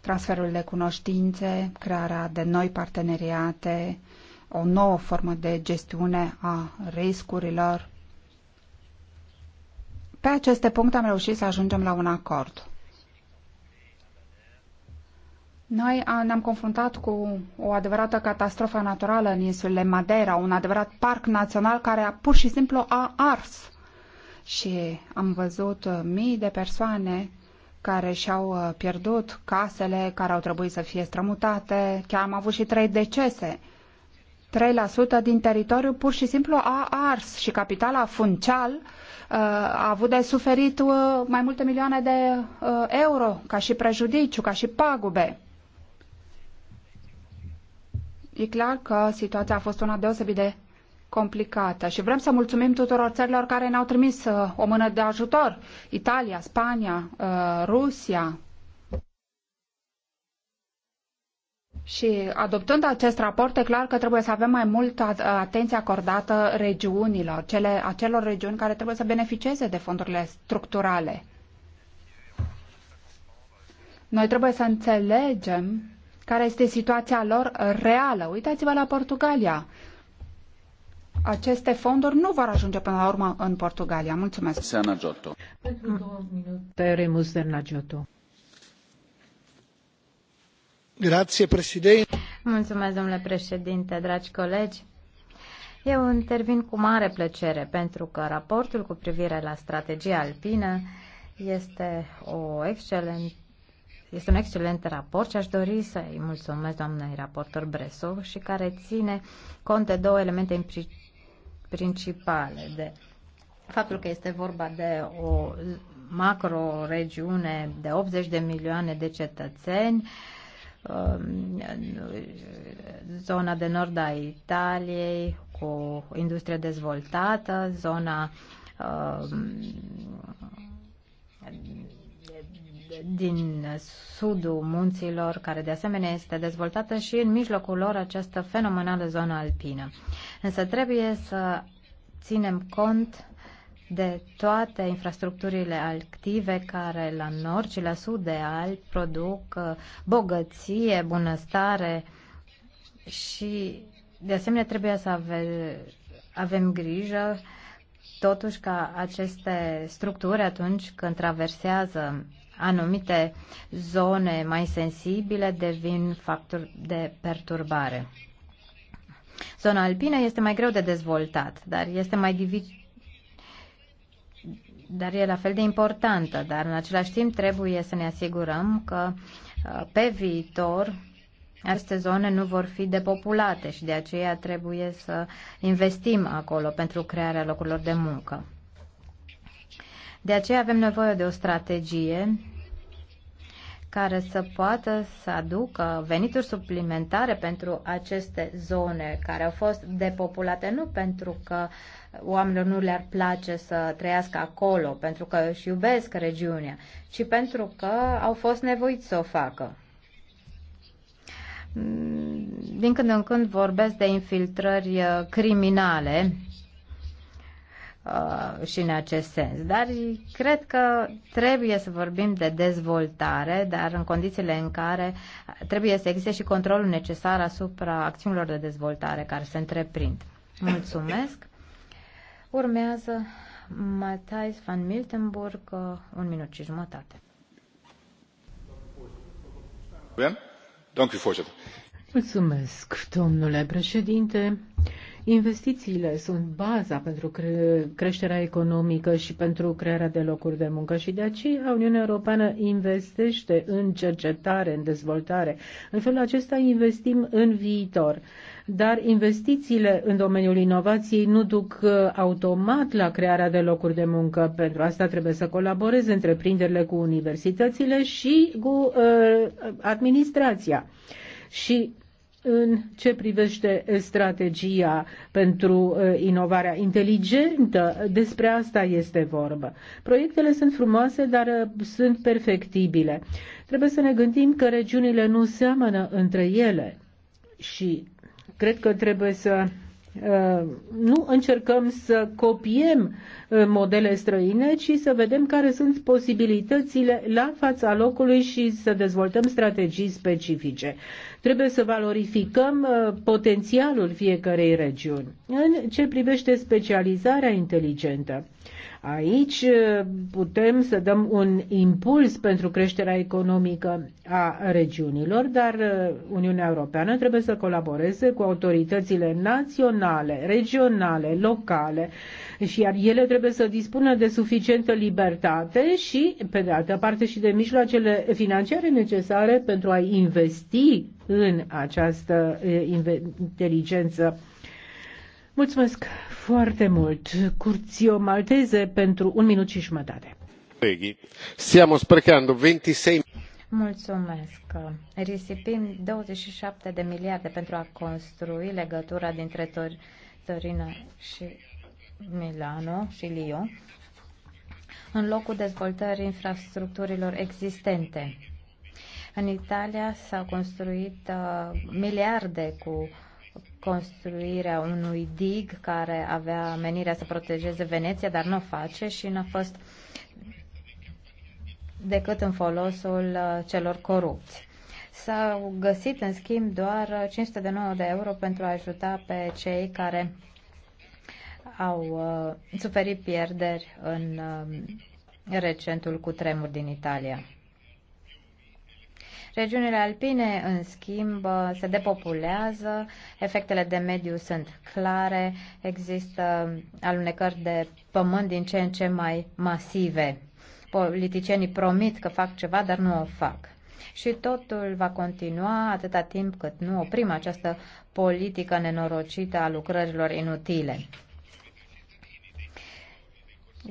Transferul de cunoștințe, crearea de noi parteneriate, o nouă formă de gestiune a riscurilor. Pe aceste puncte am reușit să ajungem la un acord. Noi ne-am confruntat cu o adevărată catastrofă naturală în insulele Madeira, un adevărat parc național care a pur și simplu a ars. Și am văzut uh, mii de persoane care și-au uh, pierdut casele, care au trebuit să fie strămutate, chiar am avut și trei decese. 3% din teritoriu pur și simplu a ars și capitala Funcial uh, a avut de suferit uh, mai multe milioane de euro ca și prejudiciu, ca și pagube. E clar că situația a fost una deosebit de complicată și vrem să mulțumim tuturor țărilor care ne-au trimis uh, o mână de ajutor. Italia, Spania, uh, Rusia. Și adoptând acest raport, e clar că trebuie să avem mai multă atenție acordată regiunilor, cele, acelor regiuni care trebuie să beneficieze de fondurile structurale. Noi trebuie să înțelegem care este situația lor reală. Uitați-vă la Portugalia aceste fonduri nu vor ajunge până la urmă în Portugalia. Mulțumesc. Seana Giotto. Pentru două minute, Grazie, președinte. Mulțumesc, domnule președinte, dragi colegi. Eu intervin cu mare plăcere pentru că raportul cu privire la strategia alpină este, o excelent, este un excelent raport și aș dori să îi mulțumesc doamnei raportor Bresu și care ține cont de două elemente principale, de faptul că este vorba de o macro-regiune de 80 de milioane de cetățeni, um, zona de nord a Italiei cu industrie dezvoltată, zona um, din sudul munților, care de asemenea este dezvoltată și în mijlocul lor această fenomenală zonă alpină. Însă trebuie să ținem cont de toate infrastructurile active care la nord și la sud de Alpi produc uh, bogăție, bunăstare și de asemenea trebuie să ave, avem grijă uh, totuși ca aceste structuri atunci când traversează anumite zone mai sensibile devin factori de perturbare. Zona alpină este mai greu de dezvoltat, dar este mai dificil dar e la fel de importantă, dar în același timp trebuie să ne asigurăm că uh, pe viitor aceste zone nu vor fi depopulate și de aceea trebuie să investim acolo pentru crearea locurilor de muncă. De aceea avem nevoie de o strategie care să poată să aducă venituri suplimentare pentru aceste zone care au fost depopulate, nu pentru că oamenilor nu le-ar place să trăiască acolo, pentru că își iubesc regiunea, ci pentru că au fost nevoiți să o facă din când în când vorbesc de infiltrări uh, criminale uh, și în acest sens. Dar cred că trebuie să vorbim de dezvoltare, dar în condițiile în care trebuie să existe și controlul necesar asupra acțiunilor de dezvoltare care se întreprind. Mulțumesc. Urmează Matthijs van Miltenburg, uh, un minut și jumătate. Bine? Mulțumesc, domnule președinte. Investițiile sunt baza pentru cre- creșterea economică și pentru crearea de locuri de muncă și de aceea Uniunea Europeană investește în cercetare, în dezvoltare. În felul acesta investim în viitor dar investițiile în domeniul inovației nu duc uh, automat la crearea de locuri de muncă. Pentru asta trebuie să colaboreze întreprinderile cu universitățile și cu uh, administrația. Și în ce privește strategia pentru uh, inovarea inteligentă, despre asta este vorbă. Proiectele sunt frumoase, dar uh, sunt perfectibile. Trebuie să ne gândim că regiunile nu seamănă între ele și Cred că trebuie să uh, nu încercăm să copiem uh, modele străine, ci să vedem care sunt posibilitățile la fața locului și să dezvoltăm strategii specifice. Trebuie să valorificăm uh, potențialul fiecarei regiuni. În ce privește specializarea inteligentă, Aici eh, putem să dăm un impuls pentru creșterea economică a regiunilor, dar eh, Uniunea Europeană trebuie să colaboreze cu autoritățile naționale, regionale, locale, și iar ele trebuie să dispună de suficientă libertate și, pe de altă parte, și de mijloacele financiare necesare pentru a investi în această eh, inteligență Mulțumesc foarte mult, Curțio Malteze, pentru un minut și jumătate. Stiamo sprecando 26... Mulțumesc. Risipim 27 de miliarde pentru a construi legătura dintre Tor- Torino și Milano și Lyon în locul dezvoltării infrastructurilor existente. În Italia s-au construit uh, miliarde cu construirea unui dig care avea menirea să protejeze Veneția, dar nu o face și n-a fost decât în folosul uh, celor corupți. S-au găsit, în schimb, doar 509 de euro pentru a ajuta pe cei care au uh, suferit pierderi în uh, recentul cutremur din Italia. Regiunile alpine, în schimb, se depopulează, efectele de mediu sunt clare, există alunecări de pământ din ce în ce mai masive. Politicienii promit că fac ceva, dar nu o fac și totul va continua atâta timp cât nu oprim această politică nenorocită a lucrărilor inutile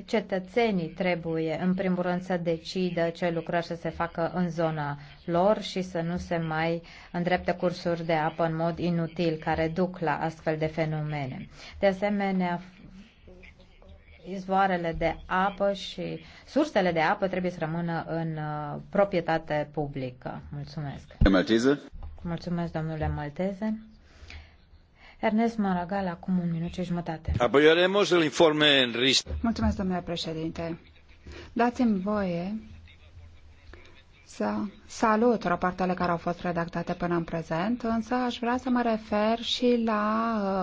cetățenii trebuie, în primul rând, să decidă ce lucrări să se facă în zona lor și să nu se mai îndrepte cursuri de apă în mod inutil, care duc la astfel de fenomene. De asemenea, izvoarele de apă și sursele de apă trebuie să rămână în uh, proprietate publică. Mulțumesc. Mulțumesc, domnule Malteze. Ernest Maragal, acum un minut și jumătate. Apoiaremos el informe în risc. Mulțumesc, domnule președinte. Dați-mi voie să salut rapoartele care au fost redactate până în prezent, însă aș vrea să mă refer și la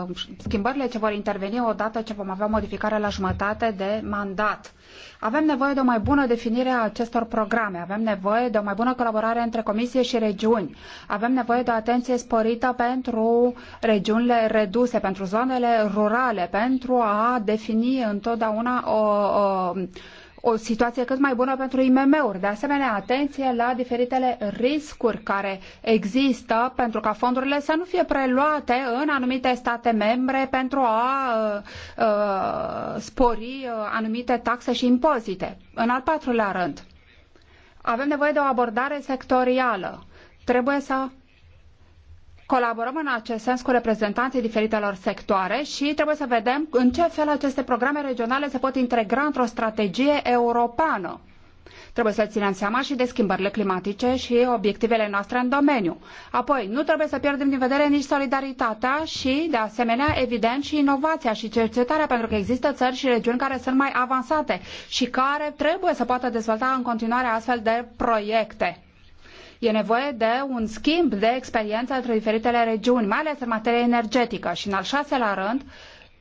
uh, schimbările ce vor interveni odată ce vom avea modificare la jumătate de mandat. Avem nevoie de o mai bună definire a acestor programe, avem nevoie de o mai bună colaborare între comisie și regiuni, avem nevoie de o atenție sporită pentru regiunile reduse, pentru zonele rurale, pentru a defini întotdeauna o, o o situație cât mai bună pentru IMM-uri. De asemenea, atenție la diferitele riscuri care există pentru ca fondurile să nu fie preluate în anumite state membre pentru a uh, uh spori uh, anumite taxe și impozite. În al patrulea rând, avem nevoie de o abordare sectorială. Trebuie să Colaborăm în acest sens cu reprezentanții diferitelor sectoare și trebuie să vedem în ce fel aceste programe regionale se pot integra într-o strategie europeană. Trebuie să ținem seama și de schimbările climatice și obiectivele noastre în domeniu. Apoi, nu trebuie să pierdem din vedere nici solidaritatea și, de asemenea, evident, și inovația și cercetarea, pentru că există țări și regiuni care sunt mai avansate și care trebuie să poată dezvolta în continuare astfel de proiecte. E nevoie de un schimb de experiență între diferitele regiuni, mai ales în materie energetică. Și în al șaselea rând,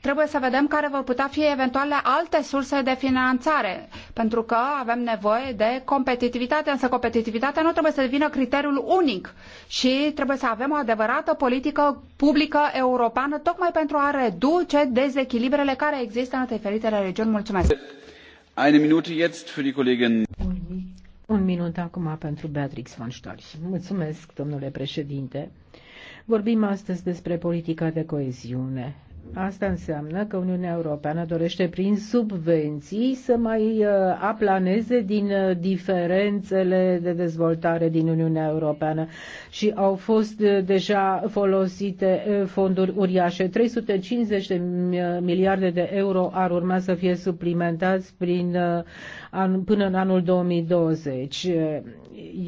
trebuie să vedem care vor putea fi eventuale alte surse de finanțare, pentru că avem nevoie de competitivitate, însă competitivitatea nu trebuie să devină criteriul unic și trebuie să avem o adevărată politică publică europeană tocmai pentru a reduce dezechilibrele care există în diferitele regiuni. Mulțumesc! Eine Minute jetzt für die Kollegin. Un minut acum pentru Beatrix von Storch. Mulțumesc, domnule președinte. Vorbim astăzi despre politica de coeziune Asta înseamnă că Uniunea Europeană dorește prin subvenții să mai uh, aplaneze din uh, diferențele de dezvoltare din Uniunea Europeană și au fost uh, deja folosite fonduri uriașe. 350 de miliarde de euro ar urma să fie suplimentați prin, până în anul 2020.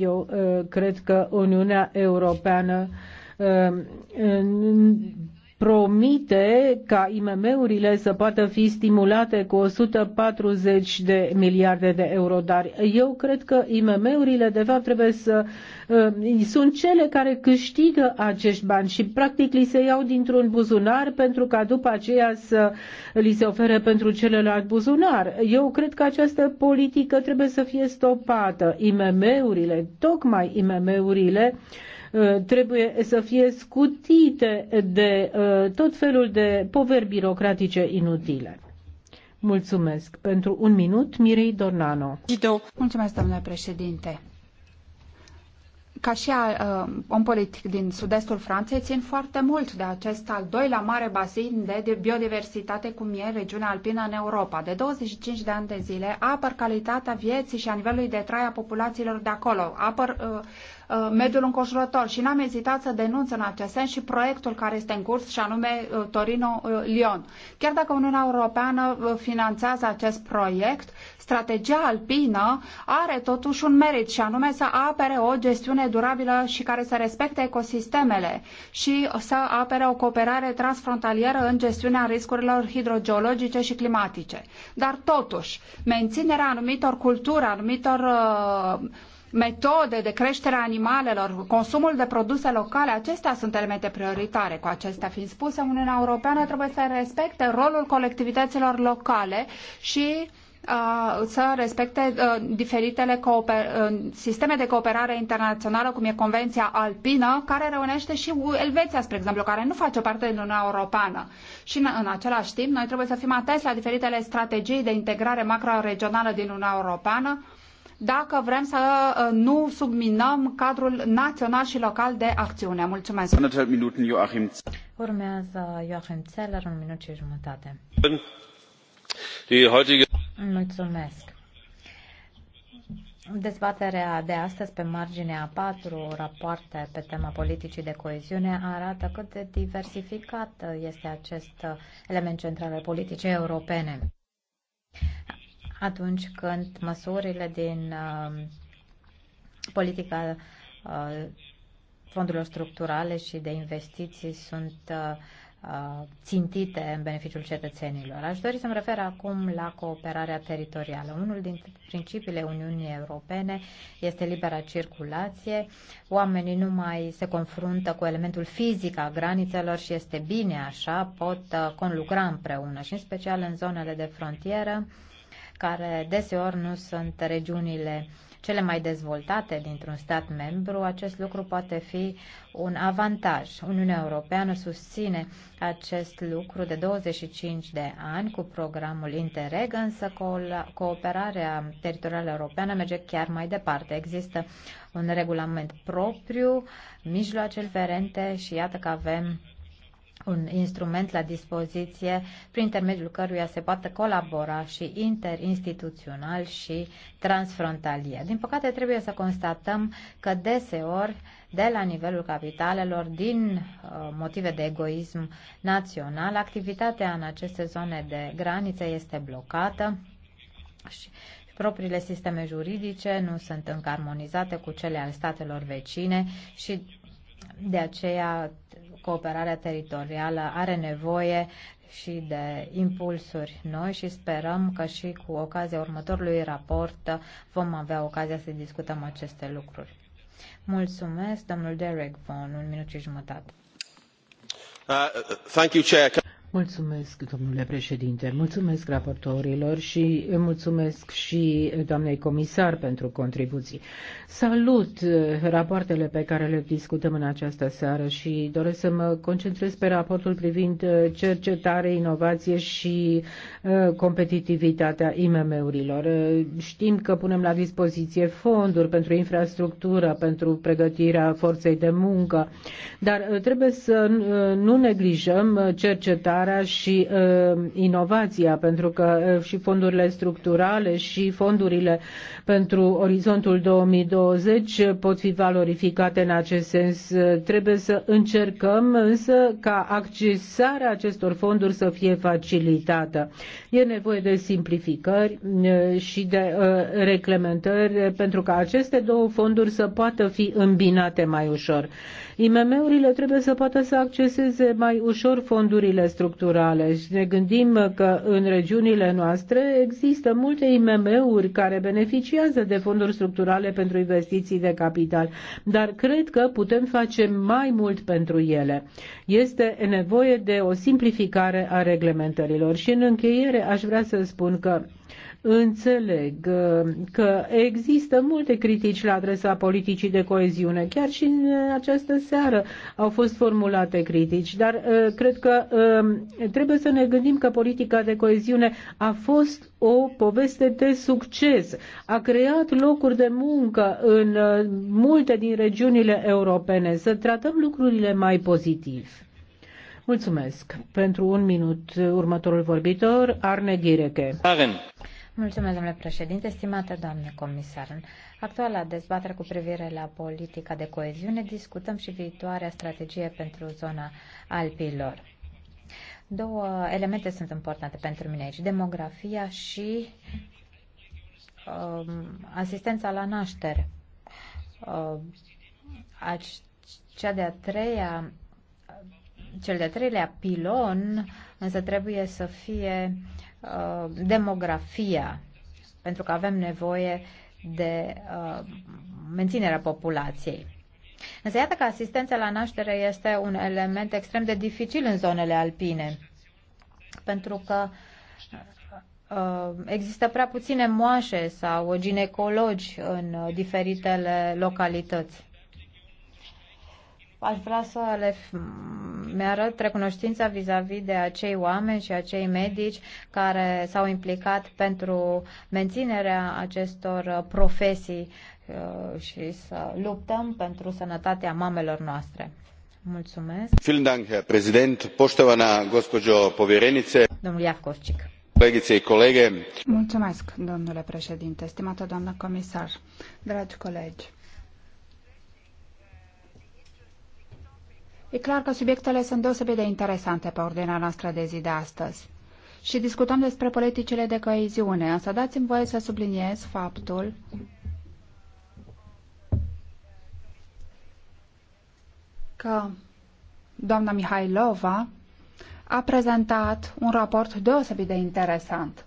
Eu cred că Uniunea Europeană promite ca IMM-urile să poată fi stimulate cu 140 de miliarde de euro, dar eu cred că IMM-urile de fapt trebuie să uh, sunt cele care câștigă acești bani și practic li se iau dintr-un buzunar pentru ca după aceea să li se ofere pentru celălalt buzunar. Eu cred că această politică trebuie să fie stopată. IMM-urile, tocmai IMM-urile, Uh, trebuie să fie scutite de uh, tot felul de poveri birocratice inutile. Mulțumesc. Pentru un minut, Mirei Dornano. Mulțumesc, domnule președinte ca și uh, un politic din sud-estul Franței, țin foarte mult de acest al doilea mare bazin de biodiversitate, cum e regiunea alpină în Europa. De 25 de ani de zile apăr calitatea vieții și a nivelului de trai a populațiilor de acolo, apăr uh, Uh, mediul înconjurător și n-am ezitat să denunț în acest sens și proiectul care este în curs și anume uh, Torino-Lyon. Uh, Chiar dacă Uniunea Europeană finanțează acest proiect, strategia alpină are totuși un merit și anume să apere o gestiune durabilă și care să respecte ecosistemele și să apere o cooperare transfrontalieră în gestiunea riscurilor hidrogeologice și climatice. Dar totuși, menținerea anumitor culturi, anumitor uh, metode de creștere a animalelor, consumul de produse locale, acestea sunt elemente prioritare. Cu acestea fiind spuse, Uniunea Europeană trebuie să respecte rolul colectivităților locale și uh, să respecte uh, diferitele uh, sisteme de cooperare internațională, cum e Convenția Alpină, care reunește și Elveția, spre exemplu, care nu face parte din Uniunea Europeană. Și în, în același timp, noi trebuie să fim atenți la diferitele strategii de integrare macro-regională din Uniunea Europeană, dacă vrem să uh, nu subminăm cadrul național și local de acțiune. Mulțumesc! Urmează Joachim Zeller, un minut și jumătate. Mulțumesc! Dezbaterea de astăzi pe marginea a patru rapoarte pe tema politicii de coeziune arată cât de diversificat este acest element central al politicii europene atunci când măsurile din uh, politica uh, fondurilor structurale și de investiții sunt uh, țintite în beneficiul cetățenilor. Aș dori să-mi refer acum la cooperarea teritorială. Unul din principiile Uniunii Europene este libera circulație. Oamenii nu mai se confruntă cu elementul fizic a granițelor și este bine așa, pot conlucra împreună și în special în zonele de frontieră care deseori nu sunt regiunile cele mai dezvoltate dintr-un stat membru, acest lucru poate fi un avantaj. Uniunea Europeană susține acest lucru de 25 de ani cu programul Interreg, însă cooperarea teritorială europeană merge chiar mai departe. Există un regulament propriu, mijloace diferente și iată că avem un instrument la dispoziție prin intermediul căruia se poate colabora și interinstituțional și transfrontalier. Din păcate, trebuie să constatăm că deseori, de la nivelul capitalelor, din uh, motive de egoism național, activitatea în aceste zone de graniță este blocată și propriile sisteme juridice nu sunt încă armonizate cu cele ale statelor vecine și de aceea cooperarea teritorială are nevoie și de impulsuri noi și sperăm că și cu ocazia următorului raport vom avea ocazia să discutăm aceste lucruri. Mulțumesc, domnul Derek Vaughan, un minut și jumătate. Uh, thank you, Chair. Mulțumesc, domnule președinte, mulțumesc raportorilor și mulțumesc și doamnei comisar pentru contribuții. Salut uh, rapoartele pe care le discutăm în această seară și doresc să mă concentrez pe raportul privind uh, cercetare, inovație și uh, competitivitatea IMM-urilor. Știm că punem la dispoziție fonduri pentru infrastructură, pentru pregătirea forței de muncă, dar trebuie să nu neglijăm cercetarea cercetarea și uh, inovația, pentru că uh, și fondurile structurale și fondurile pentru orizontul 2020 pot fi valorificate în acest sens. trebuie să încercăm însă ca accesarea acestor fonduri să fie facilitată. E nevoie de simplificări uh, și de uh, pentru ca aceste două fonduri să poată fi îmbinate mai ușor. IMM-urile trebuie să poată să acceseze mai ușor fondurile structurale și ne gândim că în regiunile noastre există multe IMM-uri care beneficiază de fonduri structurale pentru investiții de capital, dar cred că putem face mai mult pentru ele. Este nevoie de o simplificare a reglementărilor și în încheiere aș vrea să spun că Înțeleg uh, că există multe critici la adresa politicii de coeziune. Chiar și în această seară au fost formulate critici, dar uh, cred că uh, trebuie să ne gândim că politica de coeziune a fost o poveste de succes. A creat locuri de muncă în multe din regiunile europene. Să tratăm lucrurile mai pozitiv. Mulțumesc. Pentru un minut, următorul vorbitor, Arne Ghireche. Arne. Mulțumesc, domnule președinte, stimată doamnă comisar. În actuala dezbatere cu privire la politica de coeziune discutăm și viitoarea strategie pentru zona Alpilor. Două elemente sunt importante pentru mine aici, demografia și um, asistența la naștere. Um, cea de-a treia cel de a treilea pilon însă trebuie să fie Uh, demografia, pentru că avem nevoie de uh, menținerea populației. Însă iată că asistența la naștere este un element extrem de dificil în zonele alpine, pentru că uh, există prea puține moașe sau ginecologi în diferitele localități aș vrea să le mi-arăt recunoștința vis-a-vis -vis de acei oameni și acei medici care s-au implicat pentru menținerea acestor profesii uh, și să luptăm pentru sănătatea mamelor noastre. Mulțumesc. Vielen Dank, Herr Präsident. Poštovana gospođo povjerenice. Domnul Iavkovčić. Kolegice i kolege. Mulțumesc, domnule președinte, stimată doamnă comisar, dragi colegi. E clar că subiectele sunt deosebit de interesante pe ordinea noastră de zi de astăzi. Și discutăm despre politicile de coeziune, însă dați-mi voie să subliniez faptul că doamna Mihailova a prezentat un raport deosebit de interesant.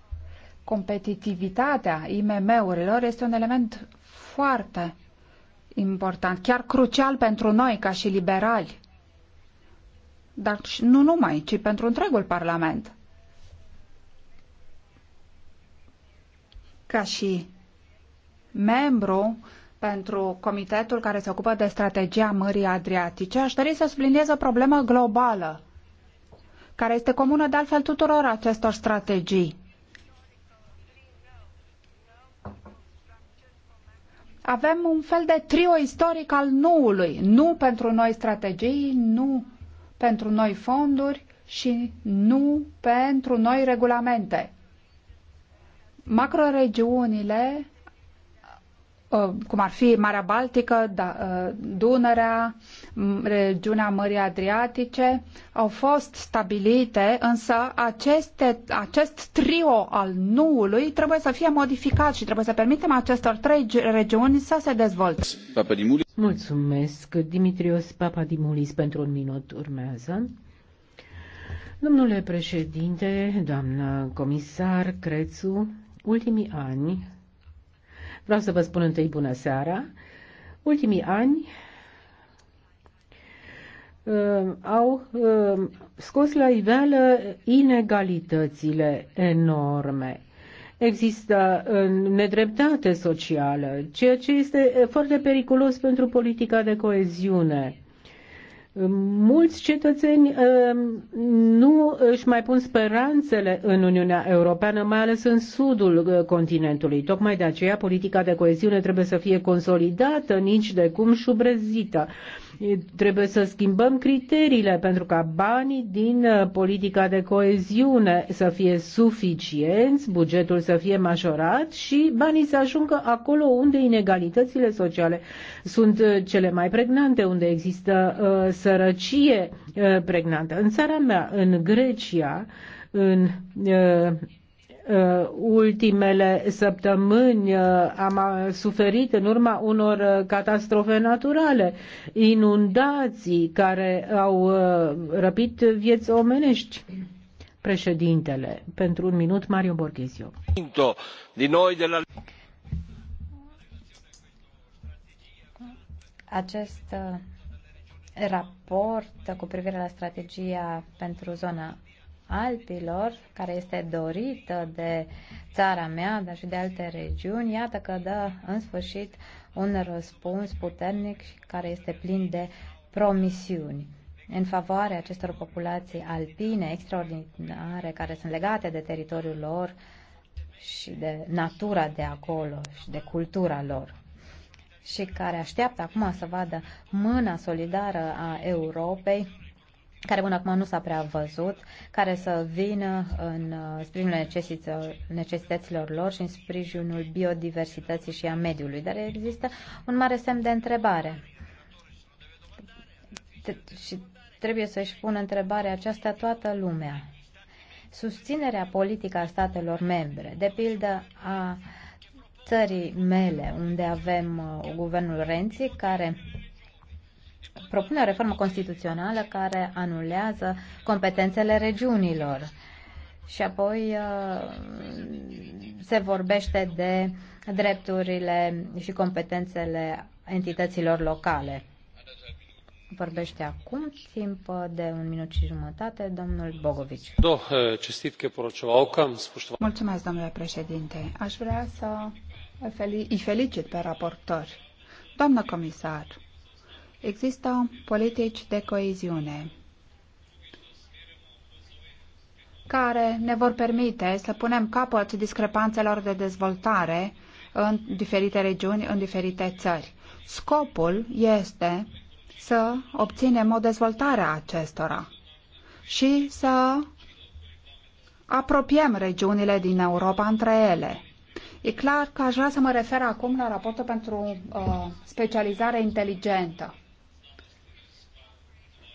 Competitivitatea IMM-urilor este un element foarte important, chiar crucial pentru noi ca și liberali dar nu numai, ci pentru întregul Parlament. Ca și membru pentru comitetul care se ocupă de strategia Mării Adriatice, aș dori să subliniez o problemă globală, care este comună de altfel tuturor acestor strategii. Avem un fel de trio istoric al nuului. Nu pentru noi strategii, nu pentru noi fonduri și nu pentru noi regulamente. Macroregiunile, ă, cum ar fi Marea Baltică, da, ă, Dunărea, regiunea Mării Adriatice, au fost stabilite, însă aceste, acest trio al nuului trebuie să fie modificat și trebuie să permitem acestor trei regiuni să se dezvolte. Mulțumesc, Dimitrios Papadimulis, pentru un minut urmează. Domnule președinte, doamnă comisar Crețu, ultimii ani, vreau să vă spun întâi bună seara, ultimii ani uh, au uh, scos la iveală inegalitățile enorme există nedreptate socială, ceea ce este foarte periculos pentru politica de coeziune. Mulți cetățeni um, nu își mai pun speranțele în Uniunea Europeană, mai ales în sudul uh, continentului. Tocmai de aceea politica de coeziune trebuie să fie consolidată, nici de cum șubrezită. Trebuie să schimbăm criteriile pentru ca banii din uh, politica de coeziune să fie suficienți, bugetul să fie majorat și banii să ajungă acolo unde inegalitățile sociale sunt uh, cele mai pregnante, unde există sărăcie uh, pregnantă. În țara mea, în Grecia, în uh, uh, ultimele săptămâni am suferit în urma unor catastrofe naturale, inundații care au răpit vieți omenești. Președintele, pentru un minut, Mario Borghezio. Din noi de la... Acest raport cu privire la strategia pentru zona Alpilor, care este dorită de țara mea, dar și de alte regiuni, iată că dă în sfârșit un răspuns puternic și care este plin de promisiuni în favoarea acestor populații alpine extraordinare care sunt legate de teritoriul lor și de natura de acolo și de cultura lor și care așteaptă acum să vadă mâna solidară a Europei, care până acum nu s-a prea văzut, care să vină în uh, sprijinul necesităților lor și în sprijinul biodiversității și a mediului. Dar există un mare semn de întrebare. Și trebuie să-și pună întrebarea aceasta toată lumea. Susținerea politică a statelor membre, de pildă a uh, țării mele, unde avem uh, guvernul Renzi, care propune o reformă constituțională care anulează competențele regiunilor. Și apoi uh, se vorbește de drepturile și competențele entităților locale. Vorbește acum, timp de un minut și jumătate, domnul Bogovici. Uh, Mulțumesc, domnule președinte. Aș vrea să îi felicit pe raportor. Doamnă comisar, există politici de coeziune care ne vor permite să punem capăt discrepanțelor de dezvoltare în diferite regiuni, în diferite țări. Scopul este să obținem o dezvoltare a acestora și să apropiem regiunile din Europa între ele. E clar că aș vrea să mă refer acum la raportul pentru uh, specializare inteligentă.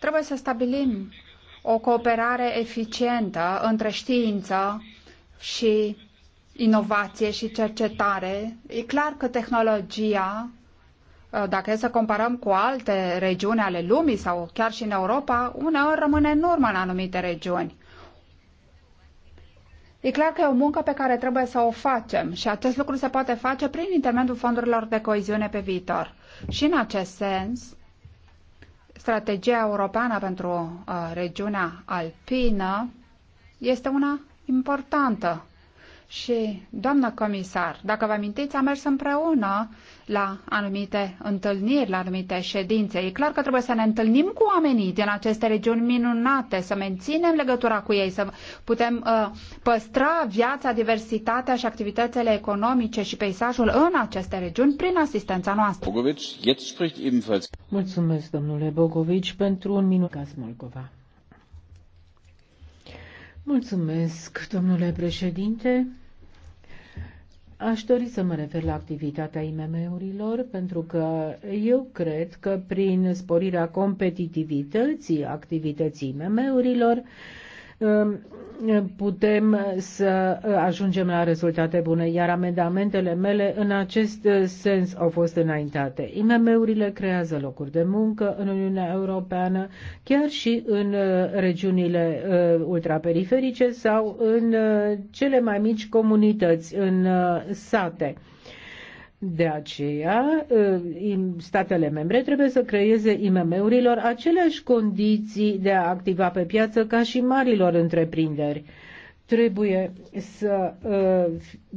Trebuie să stabilim o cooperare eficientă între știință și inovație și cercetare. E clar că tehnologia, uh, dacă e să comparăm cu alte regiuni ale lumii sau chiar și în Europa, uneori rămâne în urmă în anumite regiuni. E clar că e o muncă pe care trebuie să o facem și acest lucru se poate face prin intermediul fondurilor de coeziune pe viitor. Și în acest sens, strategia europeană pentru uh, regiunea alpină este una importantă și, doamnă comisar, dacă vă amintiți, am mers împreună la anumite întâlniri, la anumite ședințe. E clar că trebuie să ne întâlnim cu oamenii din aceste regiuni minunate, să menținem legătura cu ei, să putem uh, păstra viața, diversitatea și activitățile economice și peisajul în aceste regiuni prin asistența noastră. Bogovici, jetzt spricht ebenfalls. Mulțumesc, domnule Bogovici, pentru un minut. Casmolcova. Mulțumesc, domnule președinte. Aș dori să mă refer la activitatea IMM-urilor, pentru că eu cred că prin sporirea competitivității activității IMM-urilor putem să ajungem la rezultate bune, iar amendamentele mele în acest sens au fost înaintate. IMM-urile creează locuri de muncă în Uniunea Europeană, chiar și în uh, regiunile uh, ultraperiferice sau în uh, cele mai mici comunități, în sate. De aceea, ă, statele membre trebuie să creeze IMM-urilor aceleași condiții de a activa pe piață ca și marilor întreprinderi. Trebuie să ă,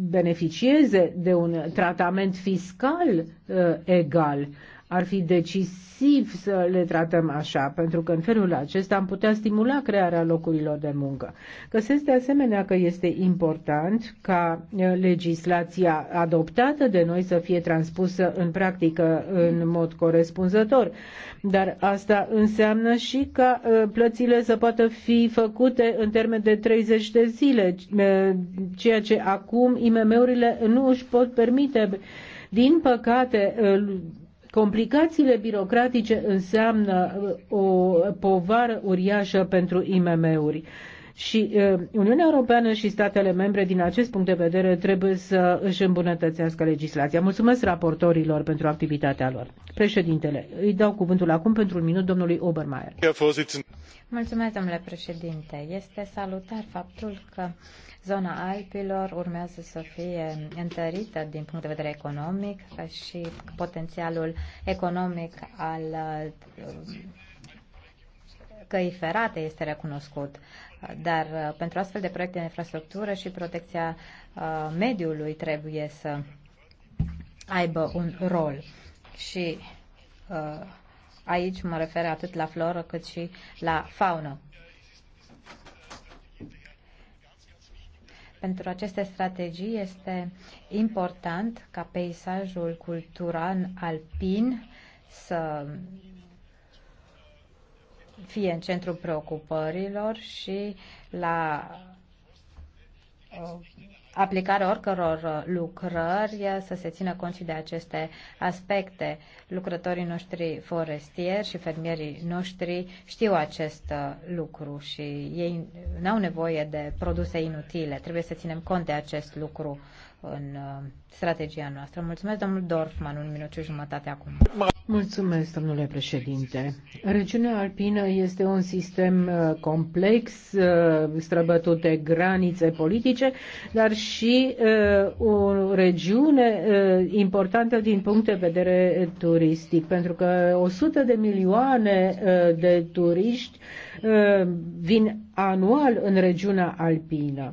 beneficieze de un tratament fiscal ă, egal ar fi decisiv să le tratăm așa, pentru că în felul acesta am putea stimula crearea locurilor de muncă. Găsesc de asemenea că este important ca legislația adoptată de noi să fie transpusă în practică în mod corespunzător, dar asta înseamnă și ca plățile să poată fi făcute în termen de 30 de zile, ceea ce acum IMM-urile nu își pot permite. Din păcate, Complicațiile birocratice înseamnă uh, o povară uriașă pentru IMM-uri. Și Uniunea Europeană și statele membre, din acest punct de vedere, trebuie să își îmbunătățească legislația. Mulțumesc raportorilor pentru activitatea lor. Președintele, îi dau cuvântul acum pentru un minut domnului Obermeier. Mulțumesc, domnule președinte. Este salutar faptul că zona Alpilor urmează să fie întărită din punct de vedere economic și potențialul economic al căi ferate este recunoscut, dar uh, pentru astfel de proiecte de infrastructură și protecția uh, mediului trebuie să aibă un rol. Și uh, aici mă refer atât la floră cât și la faună. Pentru aceste strategii este important ca peisajul cultural alpin să fie în centrul preocupărilor și la uh, aplicarea oricăror uh, lucrări uh, să se țină cont și de aceste aspecte. Lucrătorii noștri forestieri și fermierii noștri știu acest lucru și ei n-au nevoie de produse inutile. Trebuie să ținem cont de acest lucru în uh, strategia noastră. Mulțumesc, domnul Dorfman, un minut și jumătate acum. Mulțumesc, domnule președinte. Regiunea alpină este un sistem uh, complex, uh, străbătut de granițe politice, dar și o regiune importantă din punct de vedere turistic, pentru că 100 de milioane de turiști vin anual în regiunea alpină.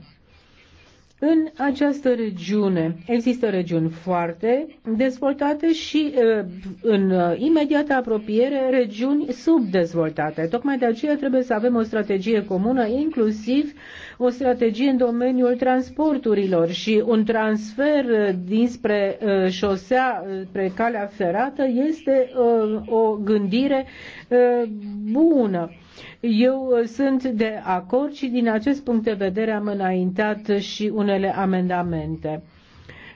În această regiune există regiuni foarte dezvoltate și în imediată apropiere regiuni subdezvoltate. Tocmai de aceea trebuie să avem o strategie comună, inclusiv o strategie în domeniul transporturilor și un transfer dinspre șosea, spre calea ferată, este o gândire bună eu uh, sunt de acord și din acest punct de vedere am înaintat și unele amendamente.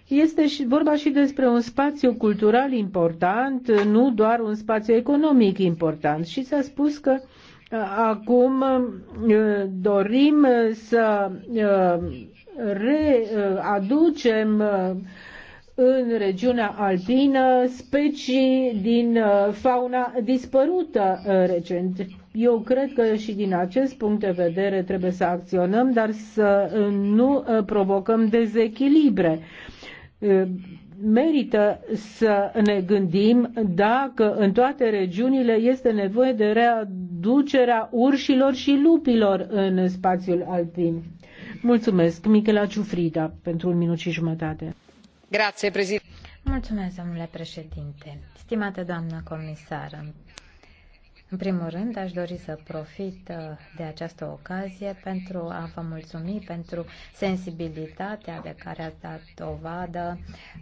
Este și vorba și despre un spațiu cultural important, nu doar un spațiu economic important. Și s-a spus că uh, acum uh, dorim să readucem în regiunea alpină specii din fauna dispărută recent. Eu cred că și din acest punct de vedere trebuie să acționăm, dar să uh, nu uh, provocăm dezechilibre uh, merită să ne gândim dacă în toate regiunile este nevoie de readucerea urșilor și lupilor în spațiul alpin. Mulțumesc, Michela Ciufrida, pentru un minut și jumătate. Grație, președinte. Mulțumesc, domnule președinte. Stimată doamnă comisară, în primul rând, aș dori să profit uh, de această ocazie pentru a vă mulțumi pentru sensibilitatea de care ați dat dovadă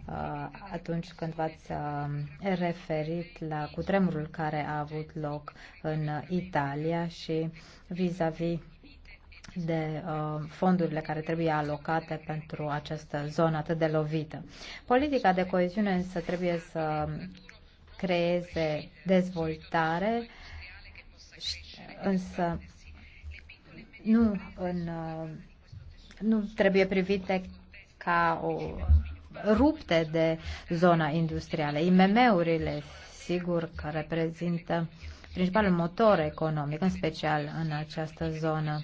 uh, atunci când v-ați uh, referit la cutremurul care a avut loc în Italia și vis-a-vis -vis de fondurile care trebuie alocate pentru această zonă atât de lovită. Politica de coeziune însă trebuie să creeze dezvoltare însă nu, în, nu trebuie privite ca o rupte de zona industrială. IMM-urile, sigur, că reprezintă principalul motor economic, în special în această zonă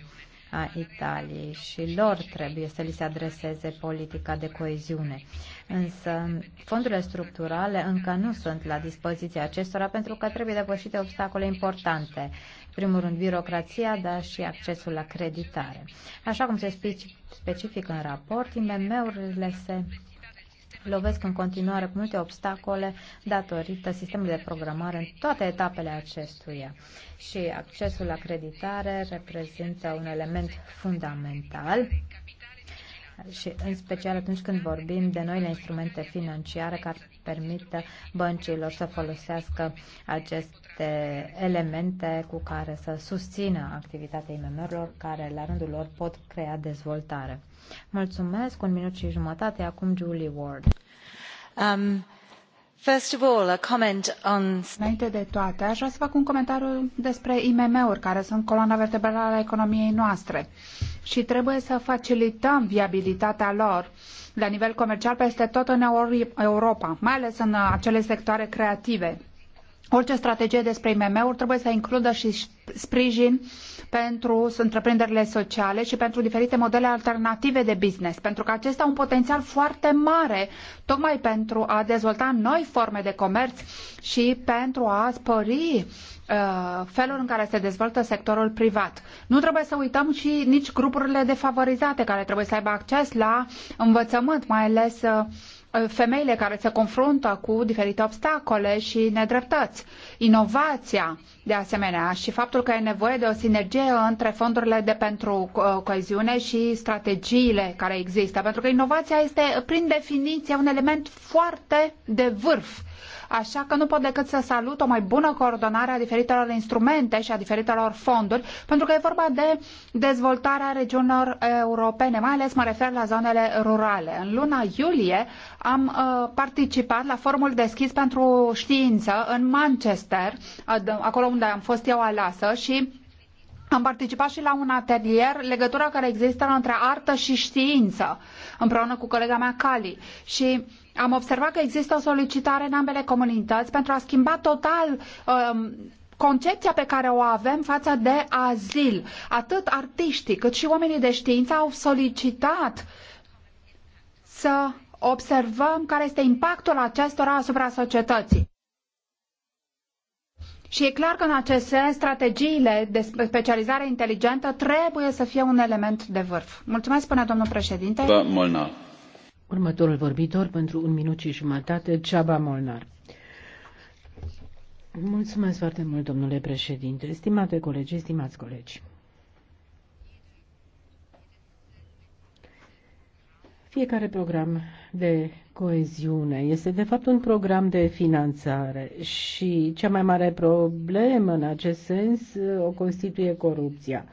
a Italiei și lor trebuie să li se adreseze politica de coeziune. Însă fondurile structurale încă nu sunt la dispoziția acestora pentru că trebuie depășite obstacole importante. primul rând, birocrația, dar și accesul la creditare. Așa cum se specifică în raport, IMM-urile se lovesc în continuare cu multe obstacole datorită sistemului de programare în toate etapele acestuia. Și accesul la creditare reprezintă un element fundamental și în special atunci când vorbim de noile instrumente financiare care permită băncilor să folosească aceste elemente cu care să susțină activitatea IMM-urilor care la rândul lor pot crea dezvoltare. Mulțumesc, un minut și jumătate, acum Julie Ward. Um, first of all, a comment on... Înainte de toate, aș vrea să fac un comentariu despre IMM-uri, care sunt coloana vertebrală a economiei noastre. Uh, și trebuie să facilităm viabilitatea lor la nivel comercial peste tot în Europa, mai ales în acele sectoare creative. Orice strategie despre IMM-uri trebuie să includă și sprijin pentru întreprinderile sociale și pentru diferite modele alternative de business, pentru că acesta au un potențial foarte mare, tocmai pentru a dezvolta noi forme de comerț și pentru a spări Uh, felul în care se dezvoltă sectorul privat. Nu trebuie să uităm și nici grupurile defavorizate care trebuie să aibă acces la învățământ, mai ales uh, femeile care se confruntă cu diferite obstacole și nedreptăți. Inovația, de asemenea, și faptul că e nevoie de o sinergie între fondurile de pentru uh, coeziune și strategiile care există, pentru că inovația este, prin definiție, un element foarte de vârf Așa că nu pot decât să salut o mai bună coordonare a diferitelor instrumente și a diferitelor fonduri, pentru că e vorba de dezvoltarea regiunilor europene, mai ales mă refer la zonele rurale. În luna iulie am uh, participat la formul deschis pentru știință în Manchester, acolo unde am fost eu alasă și am participat și la un atelier, legătura care există între artă și știință, împreună cu colega mea Cali. Și am observat că există o solicitare în ambele comunități pentru a schimba total um, concepția pe care o avem față de azil. Atât artiștii cât și oamenii de știință au solicitat să observăm care este impactul acestora asupra societății. Și e clar că în acest sens strategiile de specializare inteligentă trebuie să fie un element de vârf. Mulțumesc, până domnul președinte. Da, Următorul vorbitor pentru un minut și jumătate, Ceaba Molnar. Mulțumesc foarte mult, domnule președinte, stimate colegi, stimați colegi. Fiecare program de coeziune este de fapt un program de finanțare și cea mai mare problemă în acest sens o constituie corupția.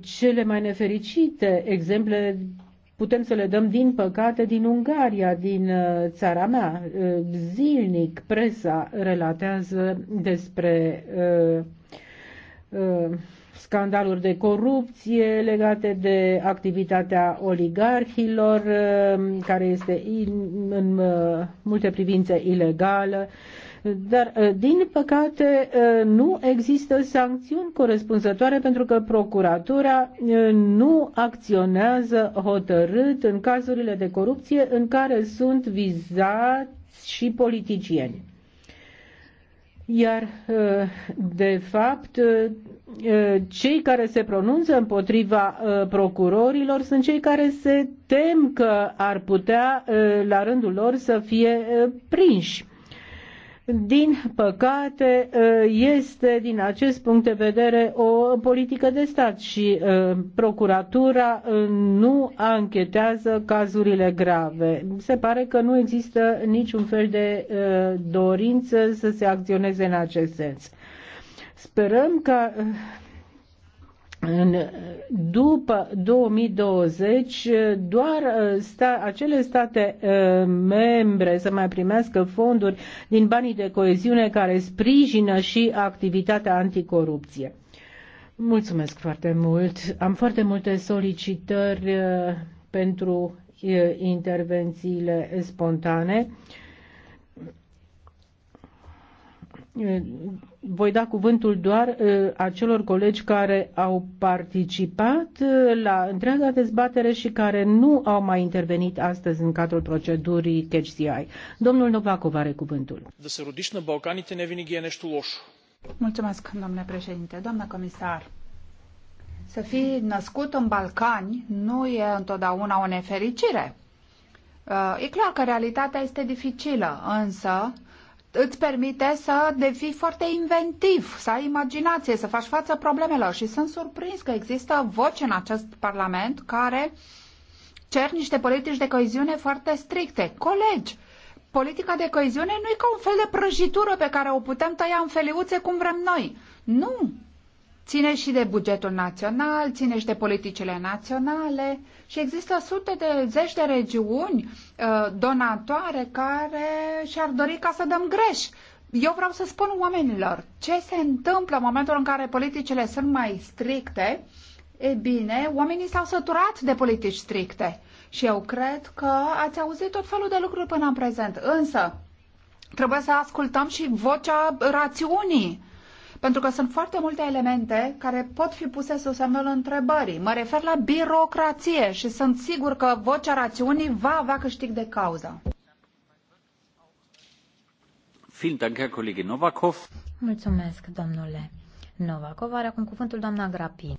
Cele mai nefericite exemple putem să le dăm, din păcate, din Ungaria, din uh, țara mea. Uh, zilnic presa relatează despre uh, scandaluri de corupție legate de activitatea oligarhilor, care este în multe privințe ilegală, dar, uh, din păcate, uh, nu există sancțiuni corespunzătoare pentru că procuratura uh, nu acționează hotărât în cazurile de corupție în care sunt vizați și politicieni. Iar, de fapt, cei care se pronunță împotriva procurorilor sunt cei care se tem că ar putea, la rândul lor, să fie prinși din păcate, uh, este din acest punct de vedere o politică de stat și uh, procuratura uh, nu anchetează cazurile grave. Se pare că nu există niciun fel de dorință să se acționeze în acest sens. Sperăm ca în, după 2020 doar uh, sta, acele state uh, membre să mai primească fonduri din banii de coeziune care sprijină și activitatea anticorupție. Mulțumesc foarte mult. Am foarte multe solicitări uh, pentru uh, intervențiile spontane. Uh, voi da cuvântul doar uh, acelor colegi care au participat uh, la întreaga dezbatere și care nu au mai intervenit astăzi în cadrul procedurii CHCI. Domnul Novakov are cuvântul. Da se rodici na Balcanite ne vinigi je Mulțumesc, domnule președinte. Doamna comisar, să fii născut în Balcani nu e întotdeauna o nefericire. Uh, e clar că realitatea este dificilă, însă îți permite să devii foarte inventiv, să ai imaginație, să faci față problemelor. Și sunt surprins că există voce în acest Parlament care cer niște politici de coeziune foarte stricte. Colegi, politica de coeziune nu e ca un fel de prăjitură pe care o putem tăia în feliuțe cum vrem noi. Nu! ține și de bugetul național, ține și de politicile naționale și există sute de zeci de regiuni uh, donatoare care și-ar dori ca să dăm greș. Eu vreau să spun oamenilor ce se întâmplă în momentul în care politicile sunt mai stricte. E bine, oamenii s-au săturat de politici stricte și eu cred că ați auzit tot felul de lucruri până în prezent. Însă, trebuie să ascultăm și vocea rațiunii pentru că sunt foarte multe elemente care pot fi puse sub semnul întrebării. Mă refer la birocrație și sunt sigur că vocea rațiunii va avea câștig de cauză. Mulțumesc, domnule Novakov. Are acum cuvântul doamna Grapin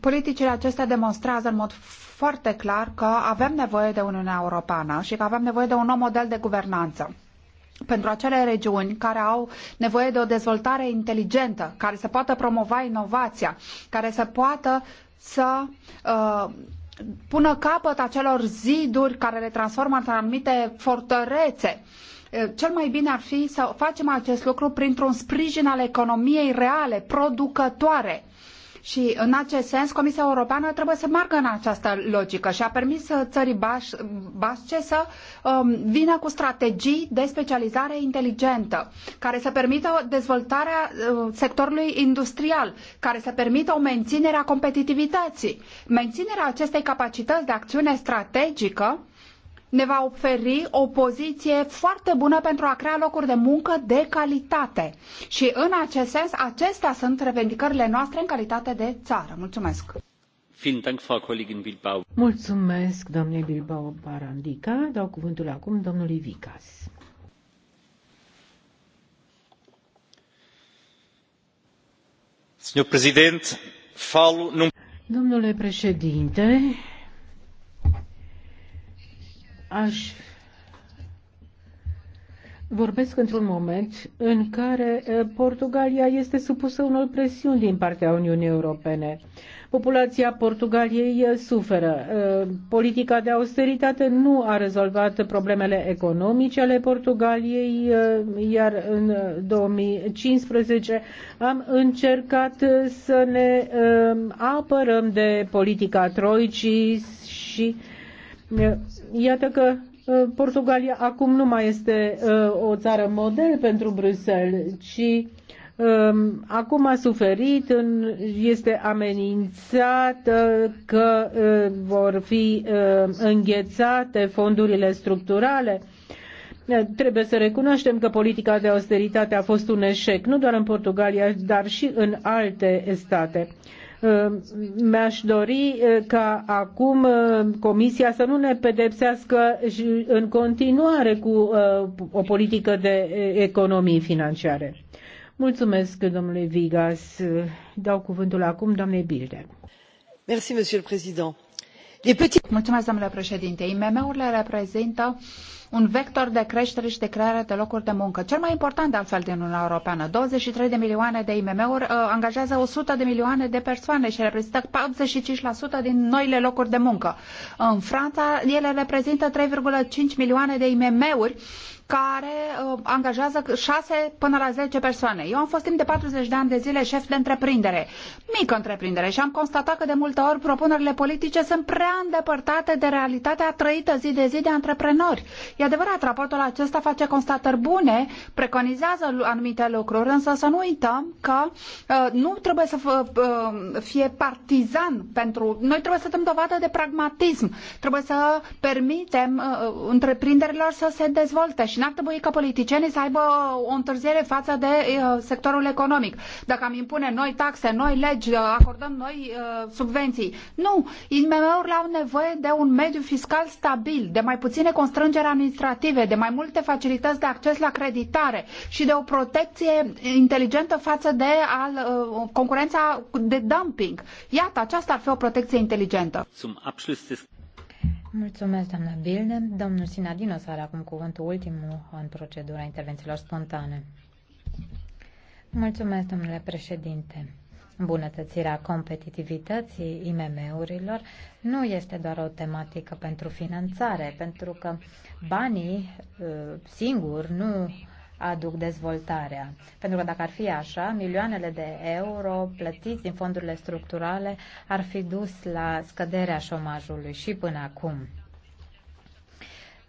politicile acestea demonstrează în mod foarte clar că avem nevoie de Uniunea Europeană și că avem nevoie de un nou model de guvernanță pentru acele regiuni care au nevoie de o dezvoltare inteligentă, care să poată promova inovația, care să poată să uh, pună capăt acelor ziduri care le transformă în anumite fortărețe. Uh, cel mai bine ar fi să facem acest lucru printr-un sprijin al economiei reale, producătoare, și în acest sens, Comisia Europeană trebuie să meargă în această logică și a permis uh, țării basce să um, vină cu strategii de specializare inteligentă, care să permită dezvoltarea uh, sectorului industrial, care să permită o menținere a competitivității. Menținerea acestei capacități de acțiune strategică ne va oferi o poziție foarte bună pentru a crea locuri de muncă de calitate. Și în acest sens, acestea sunt revendicările noastre în calitate de țară. Mulțumesc! Mulțumesc, domnule Bilbao Barandica. Dau cuvântul acum domnului Vicas. Domnule președinte, aș Vorbesc într-un moment în care Portugalia este supusă unor presiuni din partea Uniunii Europene. Populația Portugaliei suferă. Politica de austeritate nu a rezolvat problemele economice ale Portugaliei, iar în 2015 am încercat să ne apărăm de politica troicii și Iată că uh, Portugalia acum nu mai este uh, o țară model pentru Bruxelles, ci um, acum a suferit, este amenințat că uh, vor fi înghețate fondurile structurale. Trebuie să recunoaștem că politica de austeritate a fost un eșec, nu doar în Portugalia, dar și în alte state. Ehm, mi-aș dori eh, ca acum eh, Comisia să nu ne pedepsească în continuare cu eh, o politică de economii financiare. Mulțumesc, domnule Vigas. Dau cuvântul acum doamnei Bilde. Mulțumesc, domnule președinte. IMM-urile reprezintă un vector de creștere și de creare de locuri de muncă. Cel mai important, de altfel, din Uniunea Europeană, 23 de milioane de IMM-uri uh, angajează 100 de milioane de persoane și reprezintă 85% din noile locuri de muncă. În Franța, ele reprezintă 3,5 milioane de IMM-uri care uh, angajează 6 până la 10 persoane. Eu am fost timp de 40 de ani de zile șef de întreprindere, mică întreprindere și am constatat că de multe ori propunerile politice sunt prea îndepărtate de realitatea trăită zi de zi de antreprenori. E adevărat, raportul acesta face constatări bune, preconizează anumite lucruri, însă să nu uităm că uh, nu trebuie să uh, fie partizan pentru... Noi trebuie să dăm dovadă de pragmatism, trebuie să permitem uh, uh întreprinderilor să se dezvolte și deci n-ar trebui ca politicienii să aibă o întârziere față de uh, sectorul economic. Dacă am impune noi taxe, noi legi, uh, acordăm noi uh, subvenții. Nu! IMM-urile au nevoie de un mediu fiscal stabil, de mai puține constrângeri administrative, de mai multe facilități de acces la creditare și de o protecție inteligentă față de al, concurența de dumping. Iată, aceasta ar fi o protecție inteligentă. Mulțumesc, doamna Bilne. Domnul Sinadino să are acum cuvântul ultimul în procedura intervențiilor spontane. Mulțumesc, domnule președinte. Bunătățirea competitivității IMM-urilor nu este doar o tematică pentru finanțare, pentru că banii uh, singuri nu aduc dezvoltarea. Pentru că dacă ar fi așa, milioanele de euro plătiți din fondurile structurale ar fi dus la scăderea șomajului și până acum.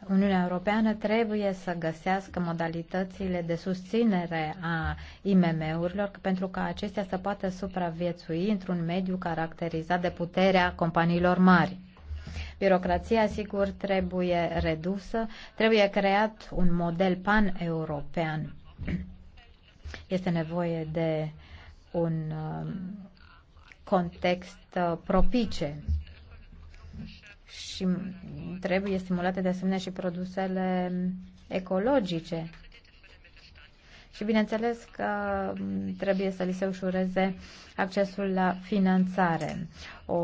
Uniunea Europeană trebuie să găsească modalitățile de susținere a IMM-urilor pentru ca acestea să poată supraviețui într-un mediu caracterizat de puterea companiilor mari. Birocrația, sigur, trebuie redusă, trebuie creat un model pan-european. Este nevoie de un um, context uh, propice și trebuie stimulate de asemenea și produsele ecologice. Și bineînțeles că um, trebuie să li se ușureze accesul la finanțare. O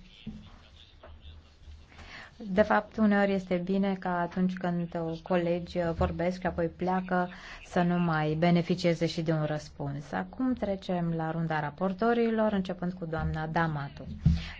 De fapt, uneori este bine ca atunci când colegi vorbesc și apoi pleacă să nu mai beneficieze și de un răspuns. Acum trecem la runda raportorilor, începând cu doamna Damatu.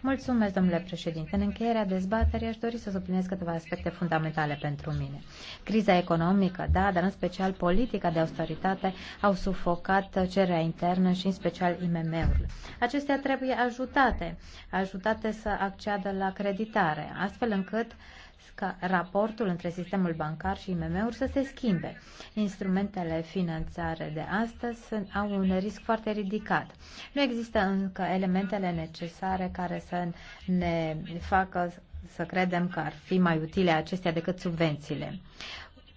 Mulțumesc, domnule președinte. În încheierea dezbaterii aș dori să subliniez câteva aspecte fundamentale pentru mine. Criza economică, da, dar în special politica de austeritate au sufocat cererea internă și în special IMM-urile. Acestea trebuie ajutate, ajutate să acceadă la creditare, astfel încât încât ca raportul între sistemul bancar și IMM-uri să se schimbe. Instrumentele financiare de astăzi sunt, au un risc foarte ridicat. Nu există încă elementele necesare care să ne facă să credem că ar fi mai utile acestea decât subvențiile.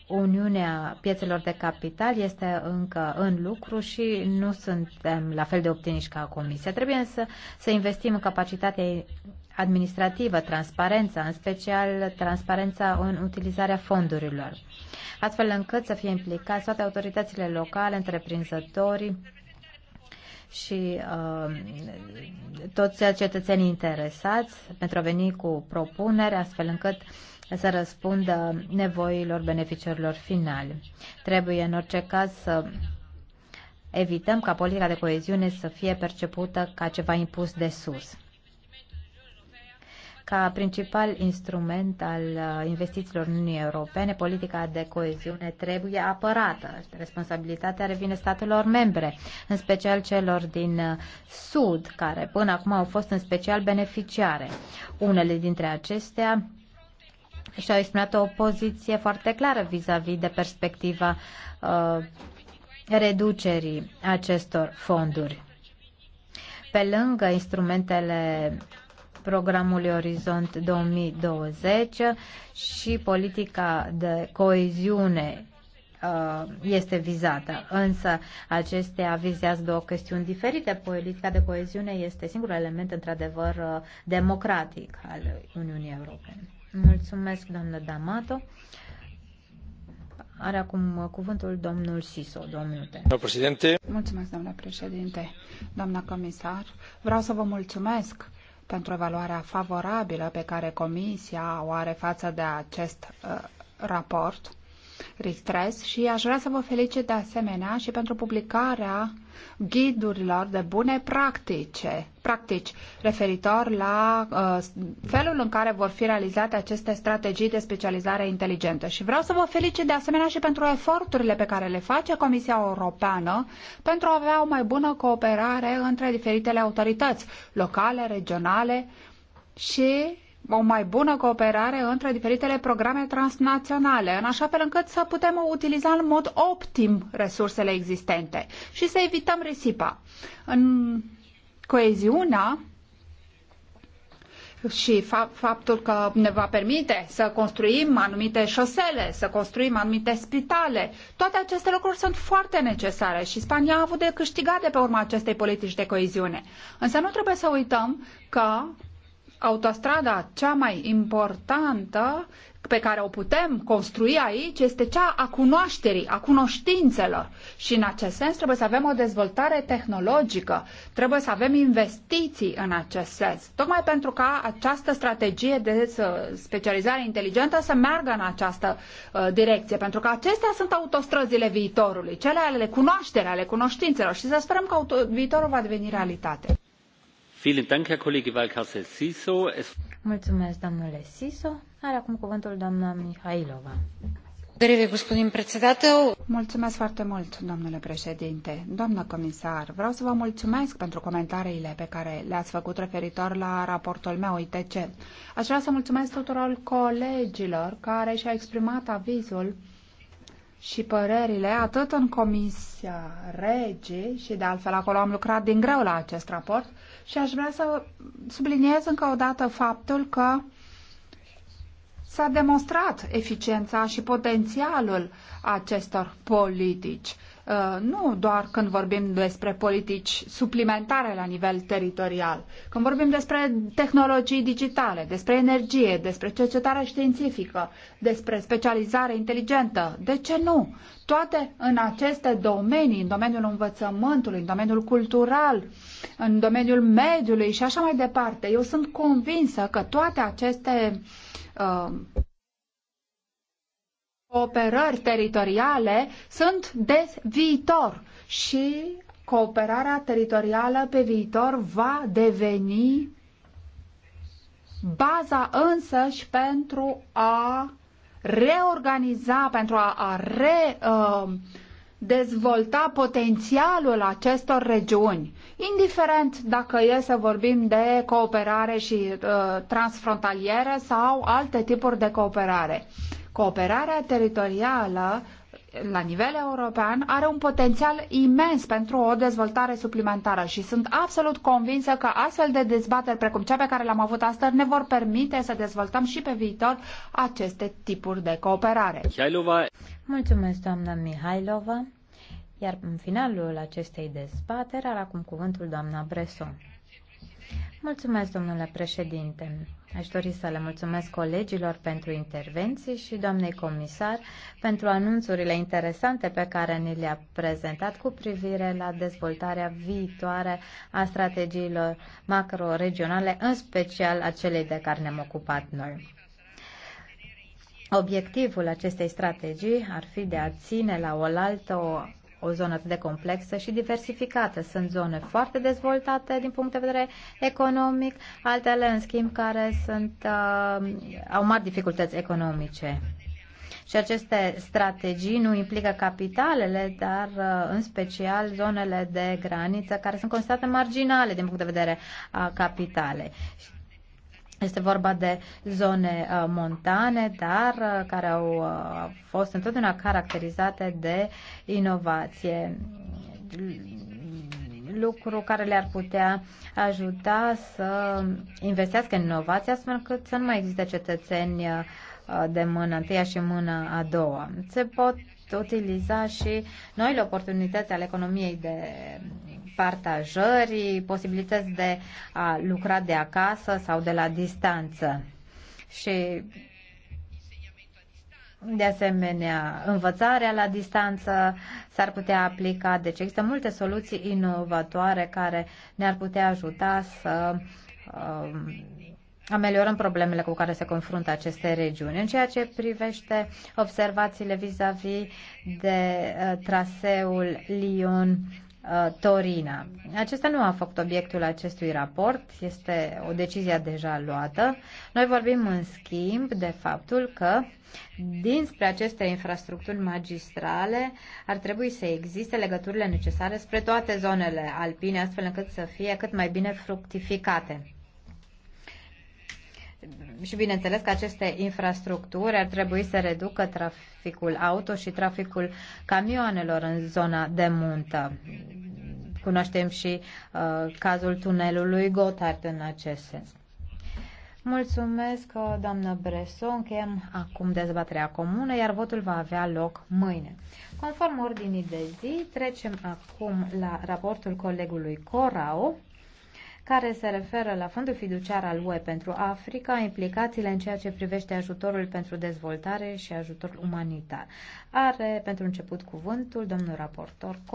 Uniunea piețelor de capital este încă în lucru și nu suntem la fel de optimiști ca Comisia. Trebuie însă să investim în capacitatea administrativă, transparența, în special transparența în utilizarea fondurilor, astfel încât să fie implicați toate autoritățile locale, întreprinzătorii și uh, toți cetățenii interesați pentru a veni cu propuneri, astfel încât să răspundă nevoilor beneficiarilor finali. Trebuie în orice caz să evităm ca politica de coeziune să fie percepută ca ceva impus de sus. Ca principal instrument al uh, investițiilor în Uniunii Europene, politica de coeziune trebuie apărată. Responsabilitatea revine statelor membre, în special celor din uh, Sud, care până acum au fost în special beneficiare. Unele dintre acestea și-au exprimat o poziție foarte clară vis-a-vis -vis de perspectiva uh, reducerii acestor fonduri. Pe lângă instrumentele programului Orizont 2020 și politica de coeziune uh, este vizată. Însă acestea vizează două chestiuni diferite. Politica de coeziune este singurul element într-adevăr uh, democratic al Uniunii Europene. Mulțumesc, doamnă D'Amato. Are acum uh, cuvântul domnul Siso, două minute. Președinte. Mulțumesc, doamna președinte, doamna comisar. Vreau să vă mulțumesc pentru evaluarea favorabilă pe care Comisia o are față de acest uh, raport RISTRES și aș vrea să vă felicit de asemenea și pentru publicarea ghidurilor de bune practice, practici referitor la uh, felul în care vor fi realizate aceste strategii de specializare inteligentă. Și vreau să vă felicit de asemenea și pentru eforturile pe care le face Comisia Europeană pentru a avea o mai bună cooperare între diferitele autorități locale, regionale și o mai bună cooperare între diferitele programe transnaționale, în așa fel încât să putem utiliza în mod optim resursele existente și să evităm risipa. În coeziunea și faptul că ne va permite să construim anumite șosele, să construim anumite spitale. Toate aceste lucruri sunt foarte necesare și Spania a avut de câștigat de pe urma acestei politici de coeziune. Însă nu trebuie să uităm că autostrada cea mai importantă pe care o putem construi aici este cea a cunoașterii, a cunoștințelor. Și în acest sens trebuie să avem o dezvoltare tehnologică, trebuie să avem investiții în acest sens, tocmai pentru ca această strategie de specializare inteligentă să meargă în această uh, direcție, pentru că acestea sunt autostrăzile viitorului, cele ale cunoașterii, ale cunoștințelor și să sperăm că viitorul va deveni realitate. Mulțumesc, Siso. acum cuvântul Mulțumesc foarte mult, domnule președinte. Doamnă comisar, vreau să vă mulțumesc pentru comentariile pe care le-ați făcut referitor la raportul meu ITC. Aș vrea să mulțumesc tuturor colegilor care și-au exprimat avizul și părerile atât în Comisia regi și de altfel acolo am lucrat din greu la acest raport, și aș vrea să subliniez încă o dată faptul că s-a demonstrat eficiența și potențialul acestor politici. Uh, nu doar când vorbim despre politici suplimentare la nivel teritorial, când vorbim despre tehnologii digitale, despre energie, despre cercetare științifică, despre specializare inteligentă, de ce nu? Toate în aceste domenii, în domeniul învățământului, în domeniul cultural, în domeniul mediului și așa mai departe. Eu sunt convinsă că toate aceste uh, cooperări teritoriale sunt de viitor și cooperarea teritorială pe viitor va deveni baza însăși pentru a reorganiza, pentru a, a re, uh, dezvolta potențialul acestor regiuni, indiferent dacă e să vorbim de cooperare și uh, transfrontalieră sau alte tipuri de cooperare. Uh, Cooperarea teritorială la nivel european are un potențial imens pentru o dezvoltare suplimentară și sunt absolut convinsă că astfel de dezbateri precum cea pe care l am avut astăzi ne vor permite să dezvoltăm și pe viitor aceste tipuri de cooperare. Mihailova. Mulțumesc, doamna Mihailova. Iar în finalul acestei dezbateri are acum cuvântul doamna Breson. Mulțumesc, domnule președinte. Aș dori să le mulțumesc colegilor pentru intervenții și doamnei comisar pentru anunțurile interesante pe care ni le-a prezentat cu privire la dezvoltarea viitoare a strategiilor macro-regionale, în special a celei de care ne-am ocupat noi. Obiectivul acestei strategii ar fi de a ține la oaltă o o zonă atât de complexă și diversificată. Sunt zone foarte dezvoltate din punct de vedere economic, altele, în schimb, care sunt, uh, au mari dificultăți economice. Și aceste strategii nu implică capitalele, dar uh, în special zonele de graniță care sunt considerate marginale din punct de vedere a capitalei. Este vorba de zone uh, montane, dar uh, care au uh, fost întotdeauna caracterizate de inovație lucru care le-ar putea ajuta să investească în inovație astfel încât să nu mai existe cetățeni de mână întâia și mână a doua. Se pot utiliza și noile oportunități ale economiei de partajări, posibilități de a lucra de acasă sau de la distanță. Și de asemenea, învățarea la distanță s-ar putea aplica. Deci există multe soluții inovatoare care ne-ar putea ajuta să uh, ameliorăm problemele cu care se confruntă aceste regiuni. În ceea ce privește observațiile vis-a-vis -vis de uh, traseul Lyon Uh, Torina. Acesta nu a făcut obiectul acestui raport, este o decizie deja luată. Noi vorbim în schimb de faptul că dinspre aceste infrastructuri magistrale ar trebui să existe legăturile necesare spre toate zonele alpine, astfel încât să fie cât mai bine fructificate și bineînțeles că aceste infrastructuri ar trebui să reducă traficul auto și traficul camioanelor în zona de muntă. Cunoaștem și uh, cazul tunelului Gotthard în acest sens. Mulțumesc, uh, doamnă Bresu. Încheiem acum dezbaterea comună, iar votul va avea loc mâine. Conform ordinii de zi, trecem acum la raportul colegului Corau care se referă la fondul fiduciar al UE pentru Africa, implicațiile în ceea ce privește ajutorul pentru dezvoltare și ajutorul umanitar. Are pentru început cuvântul domnul raportor Cor